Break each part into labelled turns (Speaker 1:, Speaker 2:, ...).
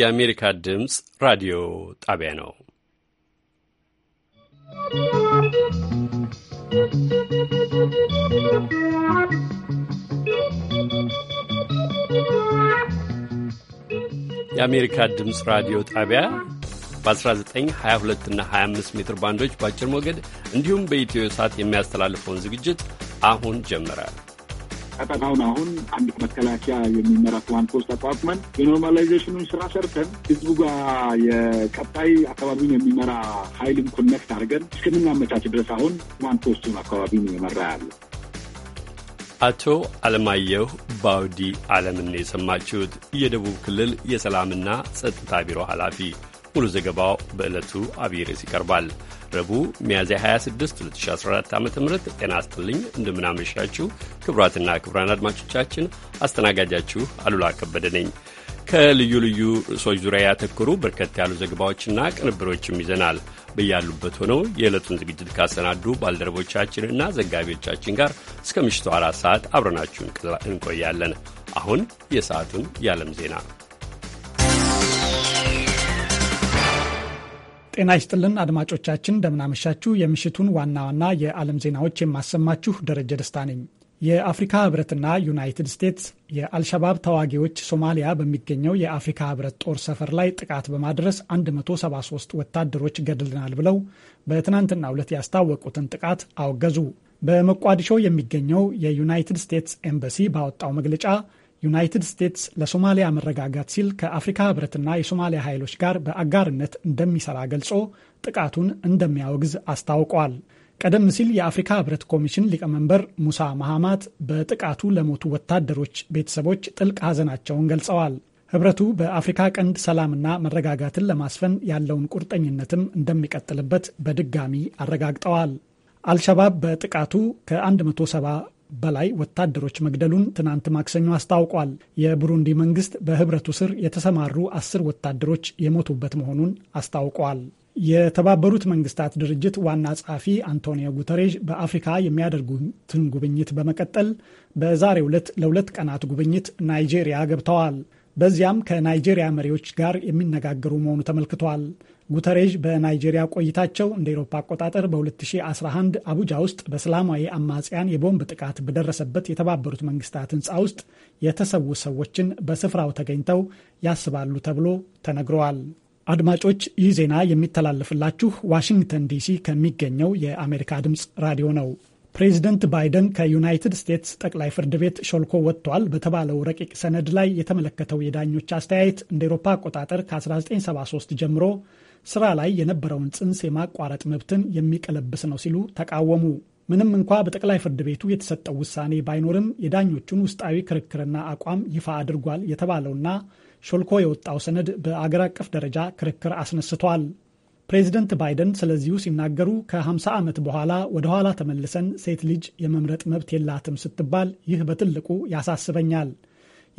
Speaker 1: የአሜሪካ ድምፅ ራዲዮ ጣቢያ ነው። የአሜሪካ ድምፅ ራዲዮ ጣቢያ በ1922 እና 25 ሜትር ባንዶች በአጭር ሞገድ እንዲሁም በኢትዮ ሳት የሚያስተላልፈውን ዝግጅት አሁን ጀምራል።
Speaker 2: ቀጠናውን አሁን አንድ መከላከያ የሚመራ ኮማንድ ፖስት አቋቁመን የኖርማላይዜሽኑን ስራ ሰርተን ህዝቡ ጋር የቀጣይ አካባቢውን የሚመራ ሀይልን ኮኔክት አድርገን እስከምናመቻች ድረስ አሁን ኮማንድ ፖስቱን አካባቢውን የመራ ያለ
Speaker 1: አቶ አለማየሁ ባውዲ አለምን የሰማችሁት የደቡብ ክልል የሰላምና ጸጥታ ቢሮ ኃላፊ። ሙሉ ዘገባው በዕለቱ አብይ ርዕስ ይቀርባል። ረቡዕ ሚያዝያ 26 2014 ዓ ም ጤና ይስጥልኝ። እንደምናመሻችሁ ክቡራትና ክቡራን አድማጮቻችን አስተናጋጃችሁ አሉላ ከበደ ነኝ። ከልዩ ልዩ ርዕሶች ዙሪያ ያተኮሩ በርከት ያሉ ዘገባዎችና ቅንብሮችም ይዘናል። በያሉበት ሆነው የዕለቱን ዝግጅት ካሰናዱ ባልደረቦቻችንና ዘጋቢዎቻችን ጋር እስከ ምሽቱ አራት ሰዓት አብረናችሁ እንቆያለን። አሁን የሰዓቱን የዓለም ዜና
Speaker 3: ጤና ይስጥልን አድማጮቻችን፣ እንደምናመሻችሁ። የምሽቱን ዋና ዋና የዓለም ዜናዎች የማሰማችሁ ደረጀ ደስታ ነኝ። የአፍሪካ ህብረትና ዩናይትድ ስቴትስ የአልሸባብ ተዋጊዎች ሶማሊያ በሚገኘው የአፍሪካ ህብረት ጦር ሰፈር ላይ ጥቃት በማድረስ 173 ወታደሮች ገድልናል ብለው በትናንትናው ዕለት ያስታወቁትን ጥቃት አወገዙ። በመቋዲሾ የሚገኘው የዩናይትድ ስቴትስ ኤምባሲ ባወጣው መግለጫ ዩናይትድ ስቴትስ ለሶማሊያ መረጋጋት ሲል ከአፍሪካ ህብረትና የሶማሊያ ኃይሎች ጋር በአጋርነት እንደሚሰራ ገልጾ ጥቃቱን እንደሚያወግዝ አስታውቋል። ቀደም ሲል የአፍሪካ ህብረት ኮሚሽን ሊቀመንበር ሙሳ መሐማት በጥቃቱ ለሞቱ ወታደሮች ቤተሰቦች ጥልቅ ሐዘናቸውን ገልጸዋል። ህብረቱ በአፍሪካ ቀንድ ሰላምና መረጋጋትን ለማስፈን ያለውን ቁርጠኝነትም እንደሚቀጥልበት በድጋሚ አረጋግጠዋል። አልሸባብ በጥቃቱ ከ170 በላይ ወታደሮች መግደሉን ትናንት ማክሰኞ አስታውቋል። የቡሩንዲ መንግስት በህብረቱ ስር የተሰማሩ አስር ወታደሮች የሞቱበት መሆኑን አስታውቋል። የተባበሩት መንግስታት ድርጅት ዋና ጸሐፊ አንቶኒዮ ጉተሬዥ በአፍሪካ የሚያደርጉትን ጉብኝት በመቀጠል በዛሬው ዕለት ለሁለት ቀናት ጉብኝት ናይጄሪያ ገብተዋል። በዚያም ከናይጄሪያ መሪዎች ጋር የሚነጋገሩ መሆኑ ተመልክቷል። ጉተሬዥ በናይጄሪያ ቆይታቸው እንደ ኤሮፓ አቆጣጠር በ2011 አቡጃ ውስጥ በእስላማዊ አማጽያን የቦምብ ጥቃት በደረሰበት የተባበሩት መንግስታት ህንፃ ውስጥ የተሰዉ ሰዎችን በስፍራው ተገኝተው ያስባሉ ተብሎ ተነግረዋል። አድማጮች፣ ይህ ዜና የሚተላለፍላችሁ ዋሽንግተን ዲሲ ከሚገኘው የአሜሪካ ድምፅ ራዲዮ ነው። ፕሬዚደንት ባይደን ከዩናይትድ ስቴትስ ጠቅላይ ፍርድ ቤት ሾልኮ ወጥቷል በተባለው ረቂቅ ሰነድ ላይ የተመለከተው የዳኞች አስተያየት እንደ ኤሮፓ አቆጣጠር ከ1973 ጀምሮ ስራ ላይ የነበረውን ጽንስ የማቋረጥ መብትን የሚቀለብስ ነው ሲሉ ተቃወሙ። ምንም እንኳ በጠቅላይ ፍርድ ቤቱ የተሰጠው ውሳኔ ባይኖርም የዳኞቹን ውስጣዊ ክርክርና አቋም ይፋ አድርጓል የተባለውና ሾልኮ የወጣው ሰነድ በአገር አቀፍ ደረጃ ክርክር አስነስቷል። ፕሬዚደንት ባይደን ስለዚሁ ሲናገሩ ከ50 ዓመት በኋላ ወደ ኋላ ተመልሰን ሴት ልጅ የመምረጥ መብት የላትም ስትባል ይህ በትልቁ ያሳስበኛል።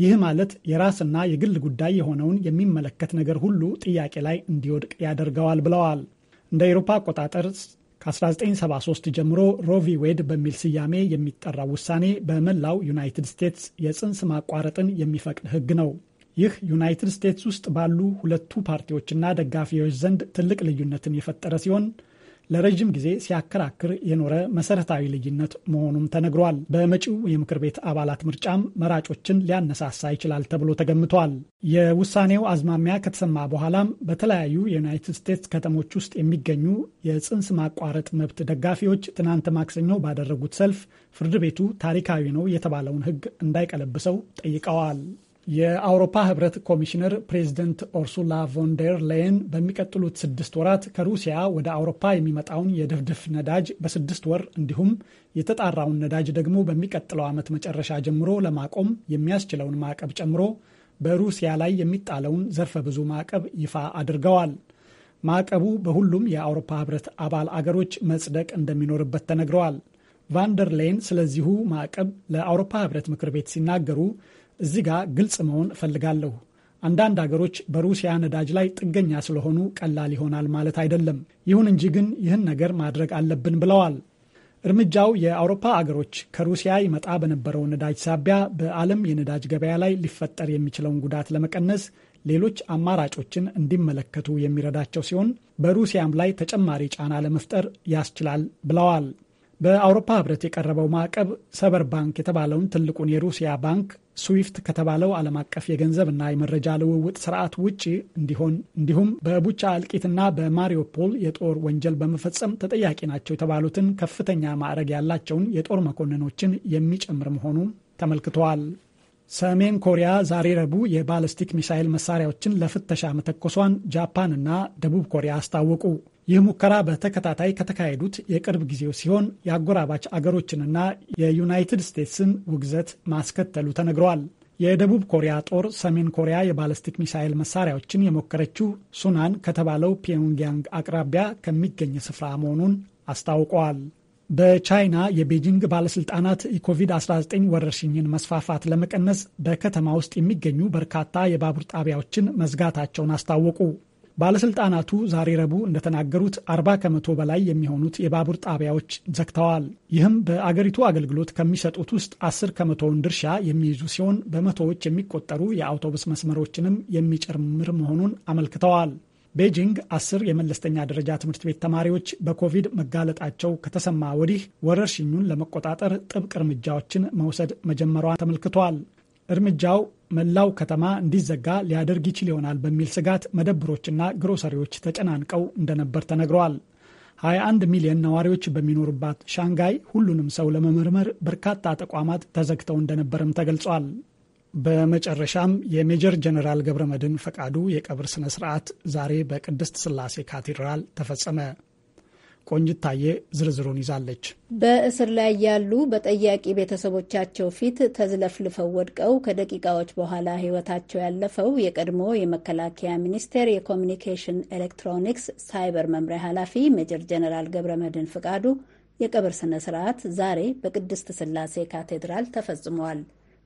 Speaker 3: ይህ ማለት የራስና የግል ጉዳይ የሆነውን የሚመለከት ነገር ሁሉ ጥያቄ ላይ እንዲወድቅ ያደርገዋል ብለዋል። እንደ አውሮፓ አቆጣጠር ከ1973 ጀምሮ ሮቪ ዌድ በሚል ስያሜ የሚጠራው ውሳኔ በመላው ዩናይትድ ስቴትስ የጽንስ ማቋረጥን የሚፈቅድ ሕግ ነው። ይህ ዩናይትድ ስቴትስ ውስጥ ባሉ ሁለቱ ፓርቲዎችና ደጋፊዎች ዘንድ ትልቅ ልዩነትን የፈጠረ ሲሆን ለረዥም ጊዜ ሲያከራክር የኖረ መሰረታዊ ልዩነት መሆኑም ተነግሯል። በመጪው የምክር ቤት አባላት ምርጫም መራጮችን ሊያነሳሳ ይችላል ተብሎ ተገምቷል። የውሳኔው አዝማሚያ ከተሰማ በኋላም በተለያዩ የዩናይትድ ስቴትስ ከተሞች ውስጥ የሚገኙ የጽንስ ማቋረጥ መብት ደጋፊዎች ትናንት ማክሰኞ ባደረጉት ሰልፍ ፍርድ ቤቱ ታሪካዊ ነው የተባለውን ሕግ እንዳይቀለብሰው ጠይቀዋል። የአውሮፓ ህብረት ኮሚሽነር ፕሬዚደንት ኦርሱላ ቮንደር ሌየን በሚቀጥሉት ስድስት ወራት ከሩሲያ ወደ አውሮፓ የሚመጣውን የድፍድፍ ነዳጅ በስድስት ወር እንዲሁም የተጣራውን ነዳጅ ደግሞ በሚቀጥለው ዓመት መጨረሻ ጀምሮ ለማቆም የሚያስችለውን ማዕቀብ ጨምሮ በሩሲያ ላይ የሚጣለውን ዘርፈ ብዙ ማዕቀብ ይፋ አድርገዋል። ማዕቀቡ በሁሉም የአውሮፓ ህብረት አባል አገሮች መጽደቅ እንደሚኖርበት ተነግረዋል። ቫንደር ሌን ስለዚሁ ማዕቀብ ለአውሮፓ ህብረት ምክር ቤት ሲናገሩ እዚህ ጋር ግልጽ መሆን እፈልጋለሁ። አንዳንድ አገሮች በሩሲያ ነዳጅ ላይ ጥገኛ ስለሆኑ ቀላል ይሆናል ማለት አይደለም። ይሁን እንጂ ግን ይህን ነገር ማድረግ አለብን ብለዋል። እርምጃው የአውሮፓ አገሮች ከሩሲያ ይመጣ በነበረው ነዳጅ ሳቢያ በዓለም የነዳጅ ገበያ ላይ ሊፈጠር የሚችለውን ጉዳት ለመቀነስ ሌሎች አማራጮችን እንዲመለከቱ የሚረዳቸው ሲሆን በሩሲያም ላይ ተጨማሪ ጫና ለመፍጠር ያስችላል ብለዋል። በአውሮፓ ህብረት የቀረበው ማዕቀብ ሰበር ባንክ የተባለውን ትልቁን የሩሲያ ባንክ ስዊፍት ከተባለው ዓለም አቀፍ የገንዘብና የመረጃ ልውውጥ ስርዓት ውጪ እንዲሆን እንዲሁም በቡቻ እልቂትና በማሪዮፖል የጦር ወንጀል በመፈጸም ተጠያቂ ናቸው የተባሉትን ከፍተኛ ማዕረግ ያላቸውን የጦር መኮንኖችን የሚጨምር መሆኑ ተመልክተዋል። ሰሜን ኮሪያ ዛሬ ረቡዕ የባለስቲክ ሚሳይል መሳሪያዎችን ለፍተሻ መተኮሷን ጃፓንና ደቡብ ኮሪያ አስታወቁ። ይህ ሙከራ በተከታታይ ከተካሄዱት የቅርብ ጊዜው ሲሆን የአጎራባች አገሮችንና የዩናይትድ ስቴትስን ውግዘት ማስከተሉ ተነግረዋል። የደቡብ ኮሪያ ጦር ሰሜን ኮሪያ የባለስቲክ ሚሳይል መሳሪያዎችን የሞከረችው ሱናን ከተባለው ፒዮንግያንግ አቅራቢያ ከሚገኝ ስፍራ መሆኑን አስታውቀዋል። በቻይና የቤጂንግ ባለስልጣናት የኮቪድ-19 ወረርሽኝን መስፋፋት ለመቀነስ በከተማ ውስጥ የሚገኙ በርካታ የባቡር ጣቢያዎችን መዝጋታቸውን አስታወቁ። ባለስልጣናቱ ዛሬ ረቡዕ እንደተናገሩት 40 ከመቶ በላይ የሚሆኑት የባቡር ጣቢያዎች ዘግተዋል። ይህም በአገሪቱ አገልግሎት ከሚሰጡት ውስጥ 10 ከመቶውን ድርሻ የሚይዙ ሲሆን በመቶዎች የሚቆጠሩ የአውቶቡስ መስመሮችንም የሚጨምር መሆኑን አመልክተዋል። ቤጂንግ አስር የመለስተኛ ደረጃ ትምህርት ቤት ተማሪዎች በኮቪድ መጋለጣቸው ከተሰማ ወዲህ ወረርሽኙን ለመቆጣጠር ጥብቅ እርምጃዎችን መውሰድ መጀመሯ ተመልክቷል። እርምጃው መላው ከተማ እንዲዘጋ ሊያደርግ ይችል ይሆናል በሚል ስጋት መደብሮችና ግሮሰሪዎች ተጨናንቀው እንደነበር ተነግረዋል። 21 ሚሊዮን ነዋሪዎች በሚኖሩባት ሻንጋይ ሁሉንም ሰው ለመመርመር በርካታ ተቋማት ተዘግተው እንደነበርም ተገልጿል። በመጨረሻም የሜጀር ጀነራል ገብረ መድህን ፈቃዱ የቀብር ስነ ስርዓት ዛሬ በቅድስት ስላሴ ካቴድራል ተፈጸመ። ቆንጅታዬ ዝርዝሩን ይዛለች።
Speaker 4: በእስር ላይ ያሉ በጠያቂ ቤተሰቦቻቸው ፊት ተዝለፍልፈው ወድቀው ከደቂቃዎች በኋላ ሕይወታቸው ያለፈው የቀድሞ የመከላከያ ሚኒስቴር የኮሚኒኬሽን ኤሌክትሮኒክስ ሳይበር መምሪያ ኃላፊ ሜጀር ጀነራል ገብረ መድን ፍቃዱ የቀብር ስነ ስርዓት ዛሬ በቅድስት ስላሴ ካቴድራል ተፈጽሟል።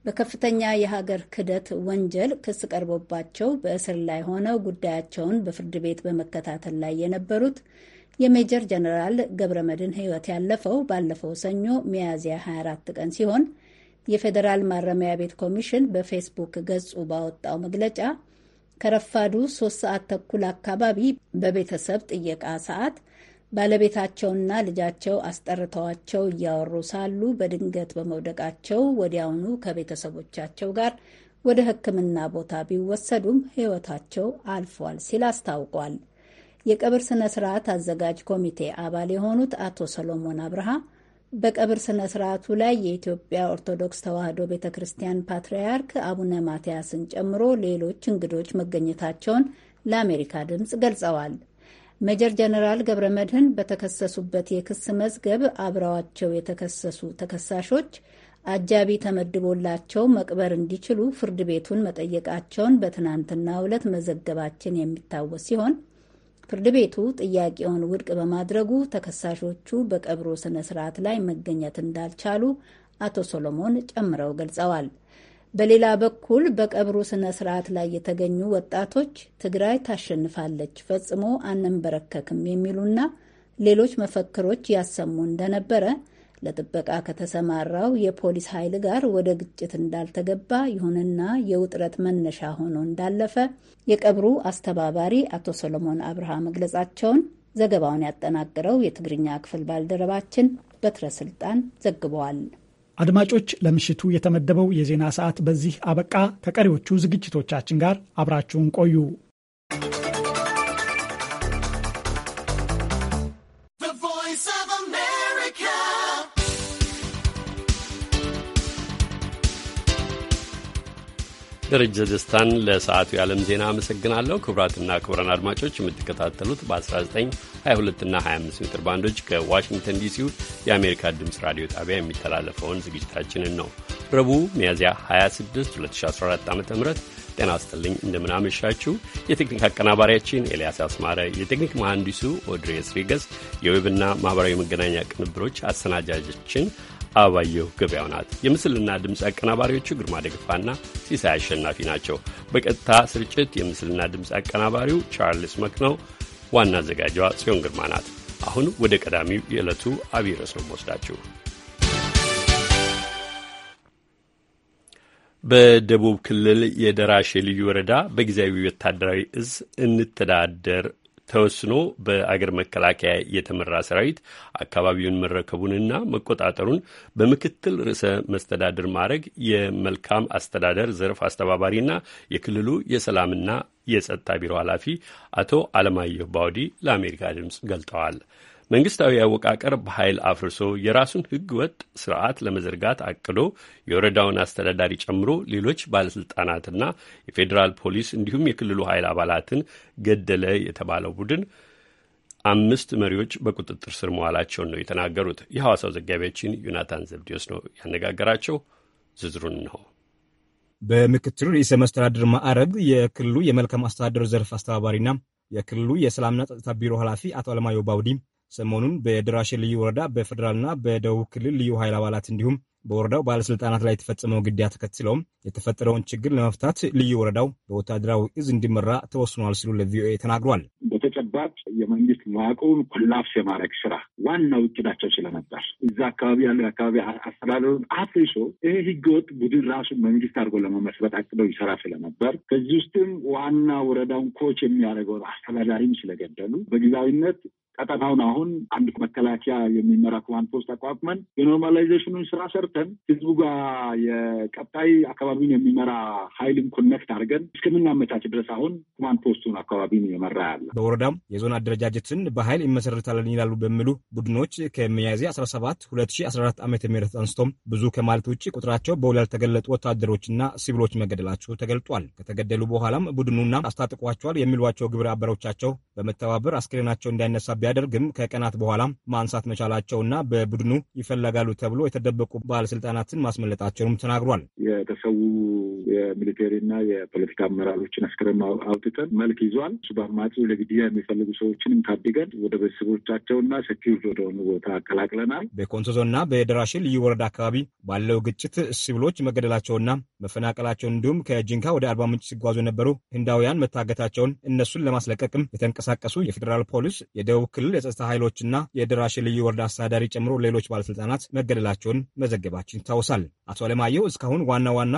Speaker 4: በከፍተኛ የሀገር ክደት ወንጀል ክስ ቀርቦባቸው በእስር ላይ ሆነው ጉዳያቸውን በፍርድ ቤት በመከታተል ላይ የነበሩት የሜጀር ጀነራል ገብረ መድን ሕይወት ያለፈው ባለፈው ሰኞ ሚያዝያ 24 ቀን ሲሆን የፌዴራል ማረሚያ ቤት ኮሚሽን በፌስቡክ ገጹ ባወጣው መግለጫ ከረፋዱ ሶስት ሰዓት ተኩል አካባቢ በቤተሰብ ጥየቃ ሰዓት ባለቤታቸውና ልጃቸው አስጠርተዋቸው እያወሩ ሳሉ በድንገት በመውደቃቸው ወዲያውኑ ከቤተሰቦቻቸው ጋር ወደ ሕክምና ቦታ ቢወሰዱም ሕይወታቸው አልፏል ሲል አስታውቋል። የቀብር ስነ ስርዓት አዘጋጅ ኮሚቴ አባል የሆኑት አቶ ሰሎሞን አብርሃ በቀብር ስነ ስርዓቱ ላይ የኢትዮጵያ ኦርቶዶክስ ተዋሕዶ ቤተ ክርስቲያን ፓትርያርክ አቡነ ማትያስን ጨምሮ ሌሎች እንግዶች መገኘታቸውን ለአሜሪካ ድምፅ ገልጸዋል። ሜጀር ጀነራል ገብረ መድህን በተከሰሱበት የክስ መዝገብ አብረዋቸው የተከሰሱ ተከሳሾች አጃቢ ተመድቦላቸው መቅበር እንዲችሉ ፍርድ ቤቱን መጠየቃቸውን በትናንትናው ዕለት መዘገባችን የሚታወስ ሲሆን ፍርድ ቤቱ ጥያቄውን ውድቅ በማድረጉ ተከሳሾቹ በቀብሩ ስነ ስርዓት ላይ መገኘት እንዳልቻሉ አቶ ሶሎሞን ጨምረው ገልጸዋል። በሌላ በኩል በቀብሩ ስነ ስርዓት ላይ የተገኙ ወጣቶች ትግራይ ታሸንፋለች፣ ፈጽሞ አንንበረከክም የሚሉና ሌሎች መፈክሮች ያሰሙ እንደነበረ ለጥበቃ ከተሰማራው የፖሊስ ኃይል ጋር ወደ ግጭት እንዳልተገባ ይሁንና የውጥረት መነሻ ሆኖ እንዳለፈ የቀብሩ አስተባባሪ አቶ ሰሎሞን አብርሃ መግለጻቸውን ዘገባውን ያጠናቅረው የትግርኛ ክፍል ባልደረባችን በትረ ስልጣን ዘግበዋል።
Speaker 3: አድማጮች፣ ለምሽቱ የተመደበው የዜና ሰዓት በዚህ አበቃ። ከቀሪዎቹ ዝግጅቶቻችን ጋር አብራችሁን ቆዩ።
Speaker 1: ደረጀ ደስታን ለሰዓቱ የዓለም ዜና አመሰግናለሁ። ክቡራትና ክቡራን አድማጮች የምትከታተሉት በ19፣ 22ና 25 ሜትር ባንዶች ከዋሽንግተን ዲሲው የአሜሪካ ድምፅ ራዲዮ ጣቢያ የሚተላለፈውን ዝግጅታችንን ነው። ረቡዕ ሚያዝያ 26 2014 ዓ ም ጤና ስጥልኝ፣ እንደምናመሻችሁ። የቴክኒክ አቀናባሪያችን ኤልያስ አስማረ፣ የቴክኒክ መሐንዲሱ ኦድሬስ ሪገስ፣ የዌብና ማኅበራዊ መገናኛ ቅንብሮች አሰናጃጃችን አበባየሁ ገበያው ናት። የምስልና ድምፅ አቀናባሪዎቹ ግርማ ደግፋና ሲሳይ አሸናፊ ናቸው። በቀጥታ ስርጭት የምስልና ድምፅ አቀናባሪው ቻርልስ መክ ነው። ዋና አዘጋጇ ጽዮን ግርማ ናት። አሁን ወደ ቀዳሚው የዕለቱ አብይ ርዕስ ነው የምወስዳችሁ። በደቡብ ክልል የደራሼ ልዩ ወረዳ በጊዜያዊ ወታደራዊ እዝ እንተዳደር ተወስኖ በአገር መከላከያ የተመራ ሰራዊት አካባቢውን መረከቡንና መቆጣጠሩን በምክትል ርዕሰ መስተዳድር ማዕረግ የመልካም አስተዳደር ዘርፍ አስተባባሪና የክልሉ የሰላምና የጸጥታ ቢሮ ኃላፊ አቶ አለማየሁ ባውዲ ለአሜሪካ ድምፅ ገልጠዋል። መንግስታዊ አወቃቀር በኃይል አፍርሶ የራሱን ህግ ወጥ ስርዓት ለመዘርጋት አቅዶ የወረዳውን አስተዳዳሪ ጨምሮ ሌሎች ባለሥልጣናትና የፌዴራል ፖሊስ እንዲሁም የክልሉ ኃይል አባላትን ገደለ የተባለው ቡድን አምስት መሪዎች በቁጥጥር ስር መዋላቸውን ነው የተናገሩት። የሐዋሳው ዘጋቢያችን ዮናታን ዘብዲዮስ ነው ያነጋገራቸው። ዝርዝሩን ነው።
Speaker 5: በምክትሉ ርዕሰ መስተዳድር ማዕረግ የክልሉ የመልካም አስተዳደር ዘርፍ አስተባባሪና የክልሉ የሰላምና ጸጥታ ቢሮ ኃላፊ አቶ አለማየሁ ባውዲ ሰሞኑን በድራሼ ልዩ ወረዳ በፌዴራልና በደቡብ ክልል ልዩ ኃይል አባላት እንዲሁም በወረዳው ባለስልጣናት ላይ የተፈጸመው ግድያ ተከትለውም የተፈጠረውን ችግር ለመፍታት ልዩ ወረዳው በወታደራዊ እዝ እንዲመራ ተወስኗል ሲሉ ለቪኦኤ ተናግሯል። በተጨባጭ የመንግስት መዋቅሩን ኮላፕስ የማድረግ ስራ ዋናው እቅዳቸው ስለነበር እዛ አካባቢ
Speaker 2: ያለ አካባቢ አስተዳደሩን አፍርሶ ይሄ ህገወጥ ቡድን ራሱን መንግስት አድርጎ ለመመስረት አቅደው ይሰራ ስለነበር ከዚህ ውስጥም ዋና ወረዳውን ኮች የሚያደርገውን አስተዳዳሪም ስለገደሉ በጊዜያዊነት ቀጠናውን አሁን አንድ መከላከያ የሚመራ ኮማንድ ፖስት አቋቁመን የኖርማላይዜሽኑን ስራ ሰርተን ህዝቡ ጋር የቀጣይ አካባቢውን የሚመራ ሀይልን ኮኔክት አድርገን እስከምናመቻች ድረስ አሁን ኮማንድ ፖስቱን አካባቢን የመራ ያለ
Speaker 5: በወረዳም የዞን አደረጃጀትን በሀይል ይመሰረታለን ይላሉ በሚሉ ቡድኖች ከሚያዝያ 17 2014 ዓ ም አንስቶም ብዙ ከማለት ውጭ ቁጥራቸው በውል ያልተገለጡ ወታደሮችና ሲቪሎች መገደላቸው ተገልጧል። ከተገደሉ በኋላም ቡድኑና አስታጥቋቸዋል የሚሏቸው ግብረ አበሮቻቸው በመተባበር አስክሬናቸው እንዳይነሳ ቢያደርግም ከቀናት በኋላ ማንሳት መቻላቸውና በቡድኑ ይፈለጋሉ ተብሎ የተደበቁ ባለስልጣናትን ማስመለጣቸውንም ተናግሯል።
Speaker 2: የተሰዉ የሚሊቴሪና የፖለቲካ አመራሮችን አስክሬን አውጥተን መልክ ይዟል። እሱ በአማጺ ለግድያ የሚፈልጉ ሰዎችንም ታድገን ወደ ቤተሰቦቻቸውና ሰኪር ወደሆኑ ቦታ አቀላቅለናል።
Speaker 5: በኮንሶ ዞንና በደራሼ ልዩ ወረዳ አካባቢ ባለው ግጭት ሲቪሎች መገደላቸውና መፈናቀላቸውን እንዲሁም ከጂንካ ወደ አርባ ምንጭ ሲጓዙ የነበሩ ህንዳውያን መታገታቸውን እነሱን ለማስለቀቅም የተንቀሳቀሱ የፌዴራል ፖሊስ የደቡብ ክልል የጸጥታ ኃይሎችና የድራሽ ልዩ ወረዳ አስተዳዳሪ ጨምሮ ሌሎች ባለስልጣናት መገደላቸውን መዘገባችን ይታወሳል። አቶ አለማየሁ እስካሁን ዋና ዋና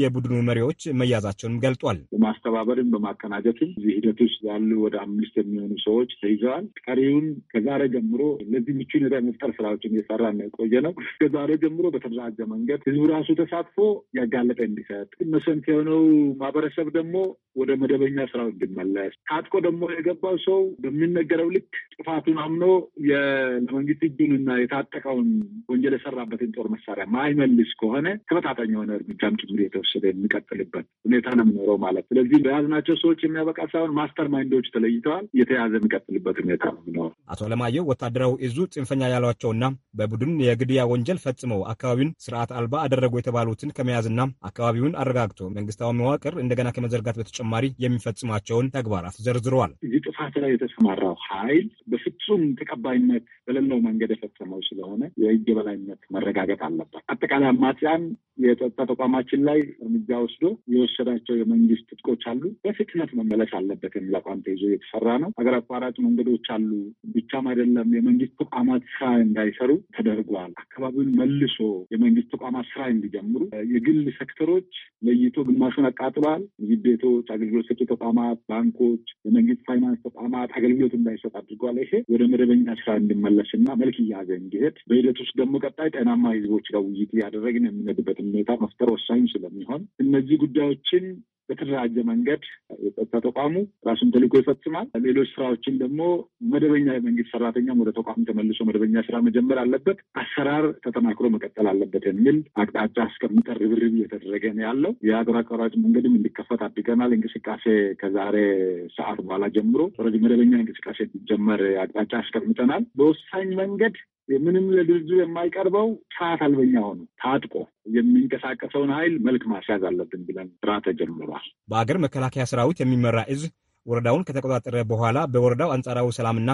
Speaker 5: የቡድኑ መሪዎች መያዛቸውንም ገልጧል።
Speaker 2: በማስተባበርም በማቀናጀትም እዚህ ሂደት ውስጥ ያሉ ወደ አምስት የሚሆኑ ሰዎች ተይዘዋል። ቀሪውን ከዛሬ ጀምሮ እነዚህ ምቹ ሁኔታ የመፍጠር ስራዎችን እየሰራ የቆየ ነው። ከዛሬ ጀምሮ በተደራጀ መንገድ ህዝቡ ራሱ ተሳትፎ ያጋለጠ እንዲሰጥ መሰንት የሆነው ማህበረሰብ ደግሞ ወደ መደበኛ ስራው እንዲመለስ ታጥቆ ደግሞ የገባው ሰው በሚነገረው ልክ ጥፋቱን አምኖ ለመንግስት እጁንና የታጠቀውን ወንጀል የሰራበትን ጦር መሳሪያ ማይመልስ ከሆነ ተመጣጣኝ የሆነ እርምጃም ጭምር ተሰብስበ የሚቀጥልበት ሁኔታ ነው የምኖረው ማለት። ስለዚህ በያዝናቸው ሰዎች የሚያበቃ ሳይሆን ማስተር ማይንዶች ተለይተዋል። የተያዘ የሚቀጥልበት
Speaker 5: ሁኔታ ነው የምኖረው። አቶ አለማየሁ ወታደራዊ እዙ ጽንፈኛ ያሏቸውና በቡድን የግድያ ወንጀል ፈጽመው አካባቢውን ስርዓት አልባ አደረጉ የተባሉትን ከመያዝና አካባቢውን አረጋግቶ መንግስታዊ መዋቅር እንደገና ከመዘርጋት በተጨማሪ የሚፈጽማቸውን ተግባራት ዘርዝረዋል። እዚህ ጥፋት ላይ የተሰማራው
Speaker 2: ኃይል በፍጹም ተቀባይነት በሌለው መንገድ የፈጸመው ስለሆነ የህግ የበላይነት መረጋገጥ አለበት። አጠቃላይ አማጽያን የጸጥታ ተቋማችን ላይ እርምጃ ወስዶ የወሰዳቸው የመንግስት ትጥቆች አሉ። በፍጥነት መመለስ አለበት የሚል አቋም ተይዞ የተሰራ ነው። ሀገር አቋራጭ መንገዶች አሉ ብቻም አይደለም። የመንግስት ተቋማት ስራ እንዳይሰሩ ተደርጓል። አካባቢውን መልሶ የመንግስት ተቋማት ስራ እንዲጀምሩ የግል ሴክተሮች ለይቶ ግማሹን አቃጥሏል። ምግብ ቤቶች፣ አገልግሎት ሰጪ ተቋማት፣ ባንኮች፣ የመንግስት ፋይናንስ ተቋማት አገልግሎት እንዳይሰጥ አድርጓል። ይሄ ወደ መደበኛ ስራ እንዲመለስና መልክ እያዘ እንዲሄድ በሂደት ውስጥ ደግሞ ቀጣይ ጤናማ ህዝቦች ጋር ውይይት እያደረግን የምንሄድበትን ሁኔታ መፍጠር ወሳኝ ስለሚ ይሆን? እነዚህ ጉዳዮችን በተደራጀ መንገድ የጸጥታ ተቋሙ ራሱን ተልዕኮ ይፈጽማል። ሌሎች ስራዎችን ደግሞ መደበኛ የመንግስት ሰራተኛም ወደ ተቋሙ ተመልሶ መደበኛ ስራ መጀመር አለበት፣ አሰራር ተጠናክሮ መቀጠል አለበት የሚል አቅጣጫ አስቀምጠን ርብርብ እየተደረገ ነው ያለው። የሀገር አቋራጭ መንገድም እንዲከፈት አድገናል እንቅስቃሴ ከዛሬ ሰዓት በኋላ ጀምሮ ወደ መደበኛ እንቅስቃሴ እንዲጀመር አቅጣጫ አስቀምጠናል። በወሳኝ መንገድ ምንም ለድርድር የማይቀርበው ሰዓት አልበኛ ሆኑ ታጥቆ የሚንቀሳቀሰውን ኃይል መልክ ማስያዝ አለብን ብለን ስራ ተጀምሯል።
Speaker 5: በአገር መከላከያ ሰራዊት የሚመራ እዝ ወረዳውን ከተቆጣጠረ በኋላ በወረዳው አንጻራዊ ሰላምና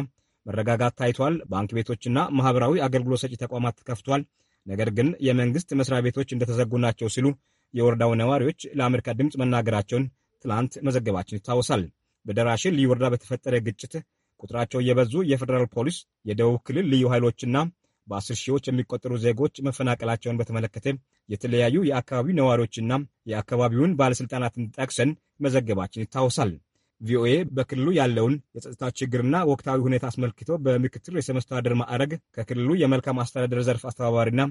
Speaker 5: መረጋጋት ታይቷል። ባንክ ቤቶችና ማህበራዊ አገልግሎት ሰጪ ተቋማት ተከፍቷል። ነገር ግን የመንግስት መስሪያ ቤቶች እንደተዘጉ ናቸው ሲሉ የወረዳው ነዋሪዎች ለአሜሪካ ድምፅ መናገራቸውን ትላንት መዘገባችን ይታወሳል። በደራሼ ልዩ ወረዳ በተፈጠረ ግጭት ቁጥራቸው የበዙ የፌዴራል ፖሊስ፣ የደቡብ ክልል ልዩ ኃይሎችና በአስር ሺዎች የሚቆጠሩ ዜጎች መፈናቀላቸውን በተመለከተ የተለያዩ የአካባቢው ነዋሪዎችና የአካባቢውን ባለሥልጣናትን ጠቅሰን መዘገባችን ይታወሳል። ቪኦኤ በክልሉ ያለውን የጸጥታ ችግርና ወቅታዊ ሁኔታ አስመልክቶ በምክትል ርዕሰ መስተዳድር ማዕረግ ከክልሉ የመልካም አስተዳደር ዘርፍ አስተባባሪና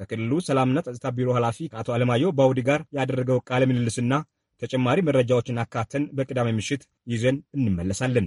Speaker 5: ከክልሉ ሰላምና ጸጥታ ቢሮ ኃላፊ ከአቶ አለማየሁ ባውዲ ጋር ያደረገው ቃለ ምልልስና ተጨማሪ መረጃዎችን አካተን በቅዳሜ ምሽት ይዘን እንመለሳለን።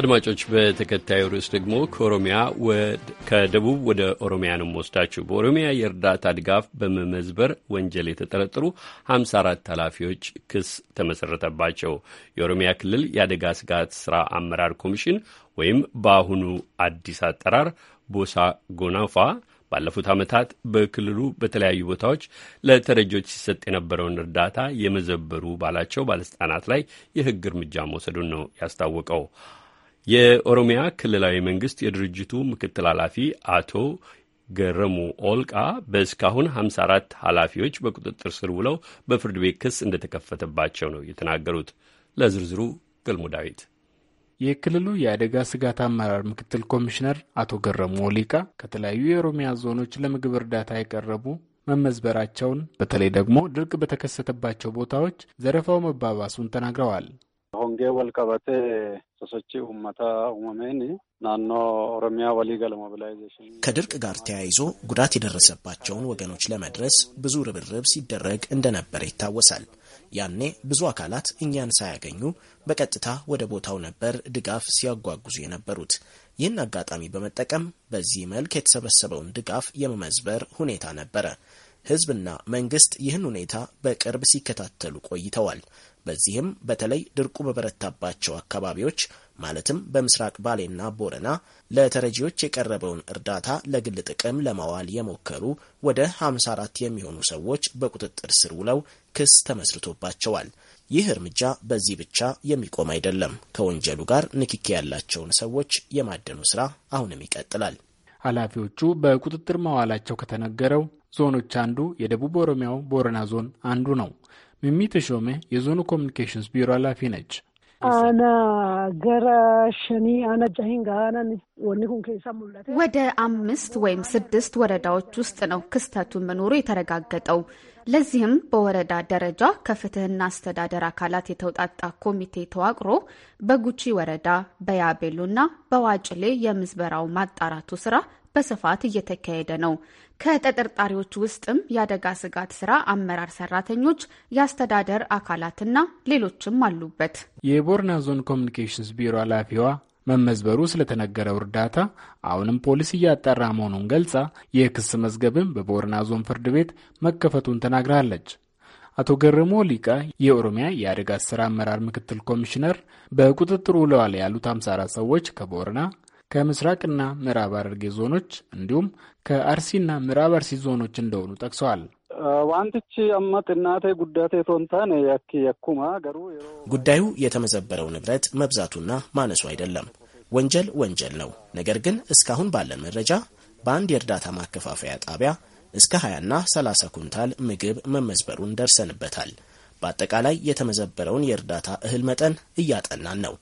Speaker 1: አድማጮች በተከታዩ ርዕስ ደግሞ ከኦሮሚያ ከደቡብ ወደ ኦሮሚያ ነው ወስዳችሁ በኦሮሚያ የእርዳታ ድጋፍ በመመዝበር ወንጀል የተጠረጠሩ 54 ኃላፊዎች ክስ ተመሰረተባቸው። የኦሮሚያ ክልል የአደጋ ስጋት ስራ አመራር ኮሚሽን ወይም በአሁኑ አዲስ አጠራር ቦሳ ጎናፋ ባለፉት ዓመታት በክልሉ በተለያዩ ቦታዎች ለተረጆች ሲሰጥ የነበረውን እርዳታ የመዘበሩ ባላቸው ባለስልጣናት ላይ የሕግ እርምጃ መውሰዱን ነው ያስታወቀው። የኦሮሚያ ክልላዊ መንግስት የድርጅቱ ምክትል ኃላፊ አቶ ገረሙ ኦልቃ በእስካሁን 54 ኃላፊዎች በቁጥጥር ስር ውለው በፍርድ ቤት ክስ እንደተከፈተባቸው ነው የተናገሩት። ለዝርዝሩ ገልሞ ዳዊት
Speaker 6: የክልሉ የአደጋ ስጋት አመራር ምክትል ኮሚሽነር አቶ ገረሙ ኦሊቃ ከተለያዩ የኦሮሚያ ዞኖች ለምግብ እርዳታ የቀረቡ መመዝበራቸውን በተለይ ደግሞ ድርቅ በተከሰተባቸው ቦታዎች ዘረፋው መባባሱን ተናግረዋል።
Speaker 2: hongee wal qabatee sosochii uummataa uumameen naannoo ኦሮሚያ ወሊ ገለ ሞቢላይዜሽን
Speaker 7: ከድርቅ ጋር ተያይዞ ጉዳት የደረሰባቸውን ወገኖች ለመድረስ ብዙ ርብርብ ሲደረግ እንደነበረ ይታወሳል። ያኔ ብዙ አካላት እኛን ሳያገኙ በቀጥታ ወደ ቦታው ነበር ድጋፍ ሲያጓጉዙ የነበሩት። ይህን አጋጣሚ በመጠቀም በዚህ መልክ የተሰበሰበውን ድጋፍ የመመዝበር ሁኔታ ነበረ። ሕዝብና መንግስት ይህን ሁኔታ በቅርብ ሲከታተሉ ቆይተዋል። በዚህም በተለይ ድርቁ በበረታባቸው አካባቢዎች ማለትም በምስራቅ ባሌና ቦረና ለተረጂዎች የቀረበውን እርዳታ ለግል ጥቅም ለማዋል የሞከሩ ወደ 54 የሚሆኑ ሰዎች በቁጥጥር ስር ውለው ክስ ተመስርቶባቸዋል። ይህ እርምጃ በዚህ ብቻ የሚቆም አይደለም። ከወንጀሉ ጋር ንክኪ ያላቸውን ሰዎች የማደኑ ስራ አሁንም ይቀጥላል። ኃላፊዎቹ
Speaker 6: በቁጥጥር መዋላቸው ከተነገረው ዞኖች አንዱ የደቡብ ኦሮሚያው ቦረና ዞን አንዱ ነው። ሚሚ ተሾመ የዞኑ ኮሚኒኬሽንስ ቢሮ ኃላፊ ነች።
Speaker 4: ወደ አምስት
Speaker 8: ወይም ስድስት ወረዳዎች ውስጥ ነው ክስተቱ መኖሩ የተረጋገጠው። ለዚህም በወረዳ ደረጃ ከፍትህና አስተዳደር አካላት የተውጣጣ ኮሚቴ ተዋቅሮ በጉቺ ወረዳ በያቤሉና በዋጭሌ የምዝበራው ማጣራቱ ስራ በስፋት እየተካሄደ ነው። ከተጠርጣሪዎች ውስጥም የአደጋ ስጋት ስራ አመራር ሰራተኞች፣ የአስተዳደር አካላትና ሌሎችም አሉበት።
Speaker 6: የቦርና ዞን ኮሚኒኬሽንስ ቢሮ ኃላፊዋ መመዝበሩ ስለተነገረው እርዳታ አሁንም ፖሊስ እያጣራ መሆኑን ገልጻ የክስ መዝገብም በቦርና ዞን ፍርድ ቤት መከፈቱን ተናግራለች። አቶ ገረሞ ሊቃ የኦሮሚያ የአደጋ ስራ አመራር ምክትል ኮሚሽነር በቁጥጥር ውለዋል ያሉት 54 ሰዎች ከቦርና ከምስራቅና ምዕራብ ሐረርጌ ዞኖች እንዲሁም ከአርሲና ምዕራብ አርሲ ዞኖች እንደሆኑ ጠቅሰዋል።
Speaker 9: ዋንትቺ አመት እናቴ ጉዳቴ ቶንታን የኩማ ገሩ
Speaker 7: ጉዳዩ የተመዘበረው ንብረት መብዛቱና ማነሱ አይደለም። ወንጀል ወንጀል ነው። ነገር ግን እስካሁን ባለን መረጃ በአንድ የእርዳታ ማከፋፈያ ጣቢያ እስከ 20ና 30 ኩንታል ምግብ መመዝበሩን ደርሰንበታል። በአጠቃላይ የተመዘበረውን የእርዳታ እህል መጠን እያጠናን ነው።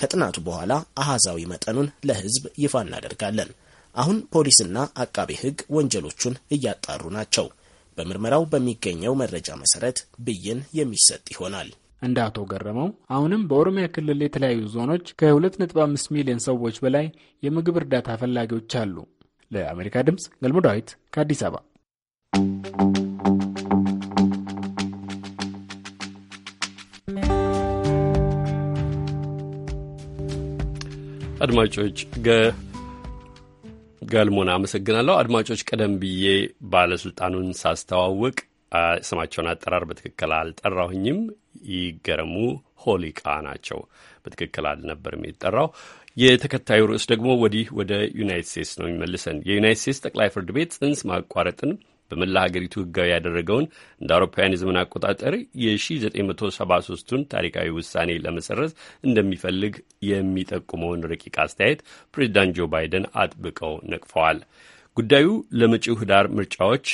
Speaker 7: ከጥናቱ በኋላ አሃዛዊ መጠኑን ለህዝብ ይፋ እናደርጋለን። አሁን ፖሊስና አቃቤ ህግ ወንጀሎቹን እያጣሩ ናቸው። በምርመራው በሚገኘው መረጃ መሰረት ብይን የሚሰጥ ይሆናል። እንደ አቶ ገረመው አሁንም በኦሮሚያ ክልል የተለያዩ ዞኖች
Speaker 6: ከ2.5 ሚሊዮን ሰዎች በላይ የምግብ እርዳታ ፈላጊዎች አሉ። ለአሜሪካ ድምፅ ገልሞ ዳዊት ከአዲስ አበባ
Speaker 1: አድማጮች ገልሞን አመሰግናለሁ። አድማጮች ቀደም ብዬ ባለስልጣኑን ሳስተዋውቅ ስማቸውን አጠራር በትክክል አልጠራሁኝም። ይገረሙ ሆሊቃ ናቸው። በትክክል አልነበርም የጠራው። የተከታዩ ርዕስ ደግሞ ወዲህ ወደ ዩናይት ስቴትስ ነው የሚመልሰን። የዩናይት ስቴትስ ጠቅላይ ፍርድ ቤት ጽንስ ማቋረጥን በመላ ሀገሪቱ ህጋዊ ያደረገውን እንደ አውሮፓውያን የዘመን አቆጣጠር የ1973ቱን ታሪካዊ ውሳኔ ለመሰረዝ እንደሚፈልግ የሚጠቁመውን ረቂቅ አስተያየት ፕሬዚዳንት ጆ ባይደን አጥብቀው ነቅፈዋል። ጉዳዩ ለመጪው ህዳር ምርጫዎች